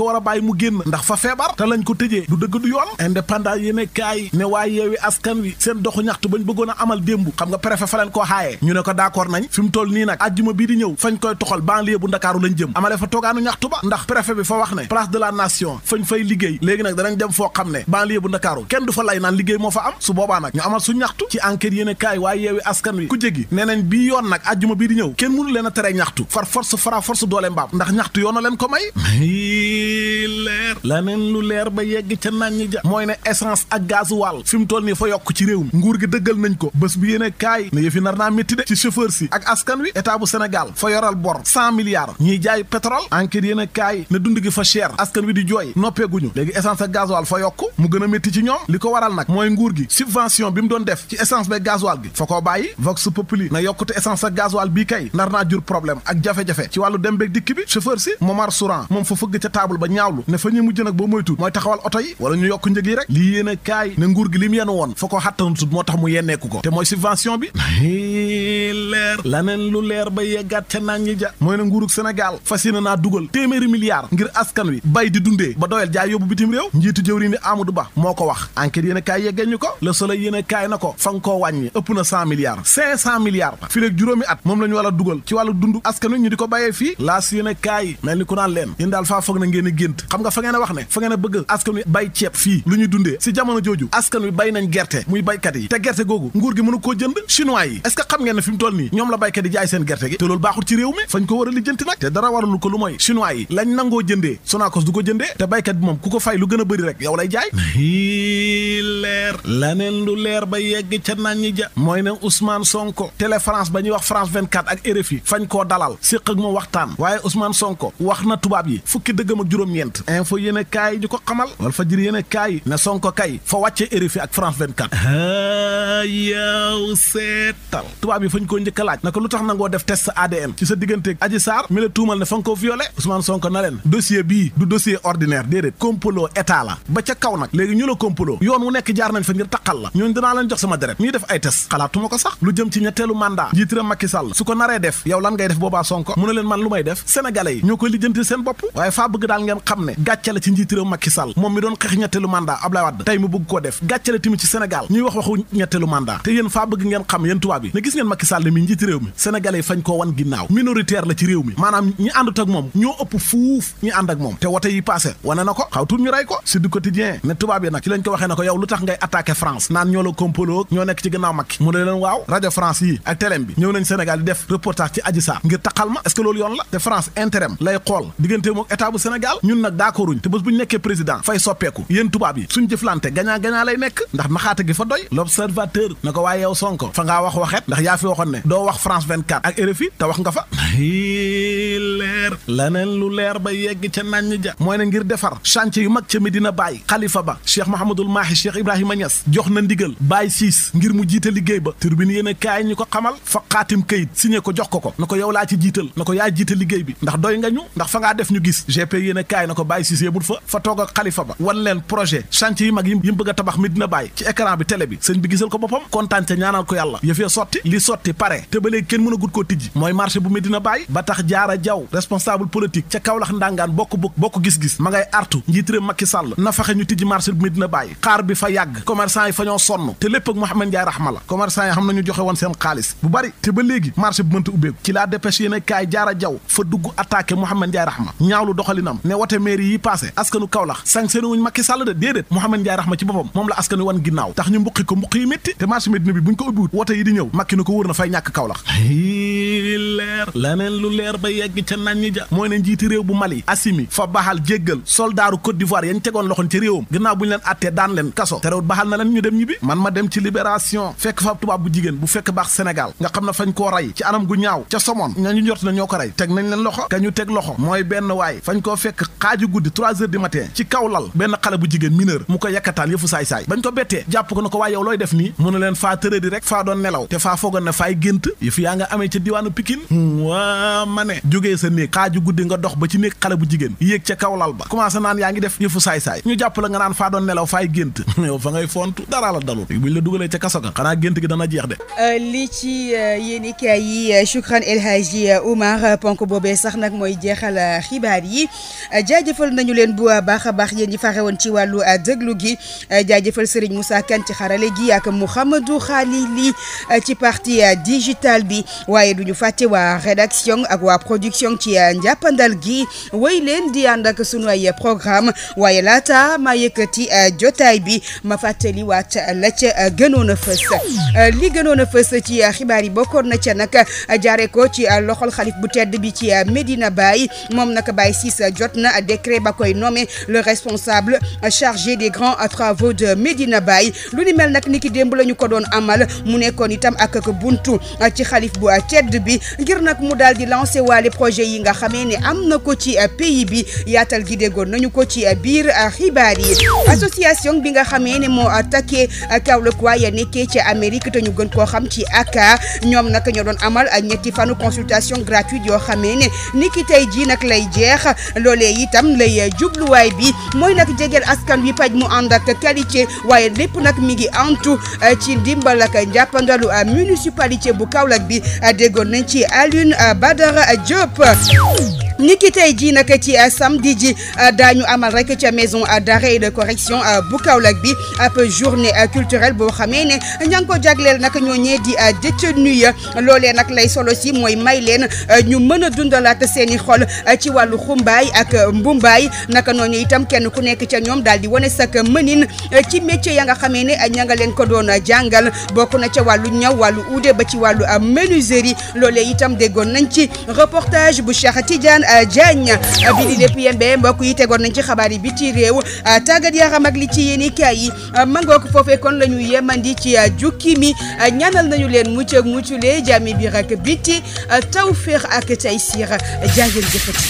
a fa feebar te lañ ko tëjee du dëgg du yoon indépendant yéene kaay ne waa yeewi askan wi seen doxu ñaxtu bañ bëggoon a amal démb xam nga préfet fa leen koo xaayee ñu ne ko d'accord nañ fi mu toll nii nag ajjuma bii di ñëw fañ koy toxal banlieue bu ndakaaru lañ jëm amale fa toogaanu ñaxtu ba ndax préfet bi fa wax ne place de la nation fañ fay liggéey léegi nag danañ dem foo xam ne banlieue bu ndakaaru kenn du fa lay naan liggéey moo fa am su boobaa nag ñu amal su ñaxtu ci enquête yéene kaay waa yeewi askan wi ku jégi nee di ñëw kenn mënu leen a tere ñaxtu far force fara force doole mbaam ndax ñaxtu yoona leen laneen lu leer ba yegg ca naññi ja mooy ne essence ak gasoil fi mu toll nii fa yokk ci réew mi nguur gi dëggal nañ ko bés bu yéene kaay ne yëfi nar naa métti de ci chauffeur si ak askan wi état bu fa yoral bor cent milliards ñiy jaay pétrole enquête yéene kaay ne dund gi fa cher askan wi di jooy noppeeguñu léegi essence ak gasoil fa yokk mu gën a métti ci ñoom li ko waral nag mooy nguur gi subvention bi mu doon def ci essence ba gasoil gi fa koo bàyyi vox populi na yokkute essence ak gasoil bii kay nar naa jur problème ak jafe-jafe ci wàllu dem beeg moom fa fëgg ca table ba mujj nag boo moytul mooy taxawal oto yi wala ñu yokk njëg yi rek lii yéen kaay ne nguur gi li mu yen woon fa ko xàttanatut moo tax mu yenneeku ko te mooy subvention bi leer laneen lu leer ba yeggaat ca naan ñi ja mooy na nguurug Sénégal fas yéene naa dugal téeméeri milliards ngir askan wi bay di dundee ba doyal jaay yóbbu bitim réew njiitu jëwriñ Amadou Ba moo ko wax enquête yéen a kaay yeggee ñu ko le soleil yéen a kaay na ko fa nga koo wàññi ëpp na cent milliards cinq cent milliards fi léeg juróomi at moom la ñu war a dugal ci wàllu dund askan ñu ko bàyyee fii laas mel ni ku naan leen yéen daal faa foog na ngeen gént xam a wax ne fa ngeen a bëgg askan wi bay ceeb fii lu ñuy dundee si jamono jooju askan wi bay nañ gerte muy baykat yi te gerte googu nguur gi mënu koo jënd chinois yi est xam ngeen ne fi mu toll nii ñoom la baykat yi jaay seen gerte gi te loolu ci réew mi fañ ko war a lijjanti nag te dara warul ko lu mooy chinois yi lañ nangoo jëndee Sonacos du ko jëndee te baykat bi moom ku ko fay lu gën a bëri rek yow lay jaay leer laneen lu leer ba yegg ca nañ ñi ja mooy ne Ousmane Sonko télé France ba ñuy wax France 24 ak RFI fañ koo dalal séq waxtaan waaye Ousmane Sonko wax yéen kaay yi di ko xamal wal fajiri yéen kaay ne Sonko kay fa wàcce RFI ak a yow seetal tubaab yi fa ñu ko njëkk a laaj na ko lu tax nangoo def test ADN ci sa diggante Adji Sarr mi la tuumal ne fa nga koo violé Ousmane Sonko na leen dossier bii du dossier ordinaire déedéet complot état la ba ca kaw nag léegi ñu la complot yoon wu nekk jaar nañ fa ngir taqal la ñooñu dinaa leen jox sama deret ñuy def ay test xalaatuma ko sax lu jëm ci ñetteelu mandat jiitiram Macky Sall su ko naree def yow lan ngay def boobaa Sonko mu ne leen man lu may def sénégalais yi ñoo koy lijjanti seen bopp waaye faa bëgg daal ne ci njiitu réew Macky Sall moom mi doon xeex ñetteelu mandat Abdoulaye Wade tey mu bëgg koo def gàcce la tamit ci Sénégal ñuy wax waxu ñetteelu mandat te yéen faa bëgg ngeen xam yéen tubaab yi ne gis ngeen Macky Sall mi njiitu réew mi sénégalais fañ koo wan ginnaaw minoritaire la ci réew mi maanaam ñi àndut ak moom ñoo ëpp fuuf ñi ànd ak moom te wote yi passé wane na ko xaw tuut ñu rey ko si du quotidien ne tubaab yi nag ci lañ ko waxee ne ko yow lu tax ngay attaqué France maxaate bés bu ñu nekkee président fay soppeeku yéen tubaab yi suñ jëflante gañaa gañaa lay nekk ndax maxaate gi fa doy l'observateur na ko waaye yow sonko fa ngaa wax waxet ndax yaa fi waxoon ne doo wax France 24 ak RFI te wax nga fa leer laneen lu leer ba yegg ca naññ ja mooy ne ngir defar chantier yu mag ca dina bàyyi xalifa ba Cheikh Mahamadul Maahi Cheikh Ibrahima Niass jox na ndigal bàyyi Siis ngir mu jiite liggéey ba turbine yéen a kaay ñu ko xamal fa xaatim kayit signé ko jox ko ko na ko yow laa ci jiital na ko yaa jiite liggéey bi ndax doy nga ñu ndax fa ngaa def ñu gis GP yéen kaay na ko Baye Siis yemut fa fa toog ak xalifa ba wan leen projet chantier yi mag yi mu a tabax Medina Baye ci écran bi télé bi sëñ bi gisal ko boppam kontaan ca ñaanal ko yàlla yëf ya sotti li sotti pare te ba léegi kenn mën a koo tijji mooy marché bu Medina Baye ba tax jaara jaw responsable politique ca Kaolack ndangaan bokk bokk bokk gis-gis ma artu njiit réew Macky Sall na fexe ñu bu Medina Baye xaar bi fa yàgg commerçant yi fa ñoo sonn te lépp ak sanctionné askanu Kaolack sanctionné wuñ Macky Sall de déedéet Mouhamed Ndiaye Rahma ci boppam moom la askanu wan ginnaaw tax ñu mbuqi ko mbuqi yi métti te marché Medina bi buñ ko ubbiwut wote yi di ñëw Macky na ko wër na fay ñàkk Kaolack leer laneen lu leer ba yegg ca nan ñi ja mooy ne njiiti réew bu Mali Assimi fa baxal jéggal soldaaru Côte d'Ivoire yañ tegoon loxoon ci réewam ginnaaw bu ñu leen attee daan leen kaso terewut baxal na leen ñu dem ñibbi man ma dem ci fa tubaab bu jigéen bu fekk baax Sénégal nga xam ne fañ koo rey ci anam gu ñaaw ca Somone ñu njort na ñoo ko rey teg nañ leen loxo ñu teg loxo mooy benn waay koo fekk trois heures du matin ci kaw lal benn xale bu jigéen mineur mu ko yakkataan yëfu saay-saay bañ ko bettee jàpp ko na ko waa yow looy def nii mu faa tërë rek faa doon nelaw te faa foogoon ne faay gént yëfu yaa nga amee ca diwaanu Pikine hmm, waa ma ne jógee sa néeg xaaju guddi nga dox ba ci néeg xale bu jigéen yéeg ca kaw ba commencé naan yaa ngi def yëfu saay-saay ñu jàpp la nga naan faa doon nelaw faay gént yow fa ngay fontu dara la dalul buñ la dugalee ca kaso ga xanaa gént gi dana jeex de euh, li ci euh, yéenikaay yi euh, leen bu baax a baax yéen ñi faxe woon ci wàllu euh, déglu gi euh, jaajëfal Serigne Moussa Kane ci xarale gi ak Mouhamadou Khalili euh, ci partie digitale bi waaye du ñu fàtte waa rédaction ak waa production ci njàppandal gi woy leen di ànd ak sunu ay programme waaye laata ma yëkkati jotaay bi ma fàttali waat la ca gënoon a fës li gënoon a fës ci xibaar yi bokkoon na ca nag jaare ko ci loxol xalif bu tedd bi ci Medina Baye moom nag Baye Ciss jot na décret ba mooy nommé le responsable chargé des grands travaux de na Baye lu ni mel nag ni ki démb lañu ko doon amal mu nekkoon itam ak buntu ci xalif bu tedd bi ngir nag mu daal di lancé waale projet yi nga xamee ni am na ko ci pays bi yaatal gi déggoon nañu ko ci biir xibaar yi association bi nga xamee ne moo takkee Kaolack waaye nekkee ci Amérique te ñu gën koo xam ci ACCA ñoom nag ñoo doon amal ñetti fanu consultation gratuite yoo xamee ne ni ki tey jii nag lay jeex loolee jubluwaay bi mooy nag jegeel askan wi paj mu ànd ak qualité waaye lépp nag mi ngi antu eh, ci ndimbal ak njàppandalu eh, municipalité bu Kaolack bi eh, déggoon nañ ci Alioune Badara Diop. ñi ki tey jii nag ci euh, samedi ji euh, daañu amal rek ca maison euh, d'arrêt et de correction bu Kaolack bi ab journée culturelle boo xamee ne ña ngi ko jagleel nag ñoo ñee di détenu ya loolee nag lay solo si mooy may leen ñu mën a dundalaat seen i xol ci wàllu xumbaay ak mbumbaay naka noonu itam kenn ku nekk ca ñoom daal di wane sak mënin ci métier ya nga xamee ne ña nga leen ko doon jàngal bokk na ca wàllu ñaw wàllu uude ba ci wàllu menuiserie loolee itam déggoon nañ ci reportage Diagne bi di lépp yéen ba mbokk yi tegoon nañ ci xabaar yi bi ci réew tàggat yaram ak li ci yéeni kaay yi mangook foofee kon la ñu yemandi ci jukki mi ñaanal nañu leen mucc ak mucculee jàmmi biir ak biti tawféex ak taysiir jàngeen jëfati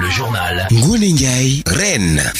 le journal Ngoné Ndiaye Reine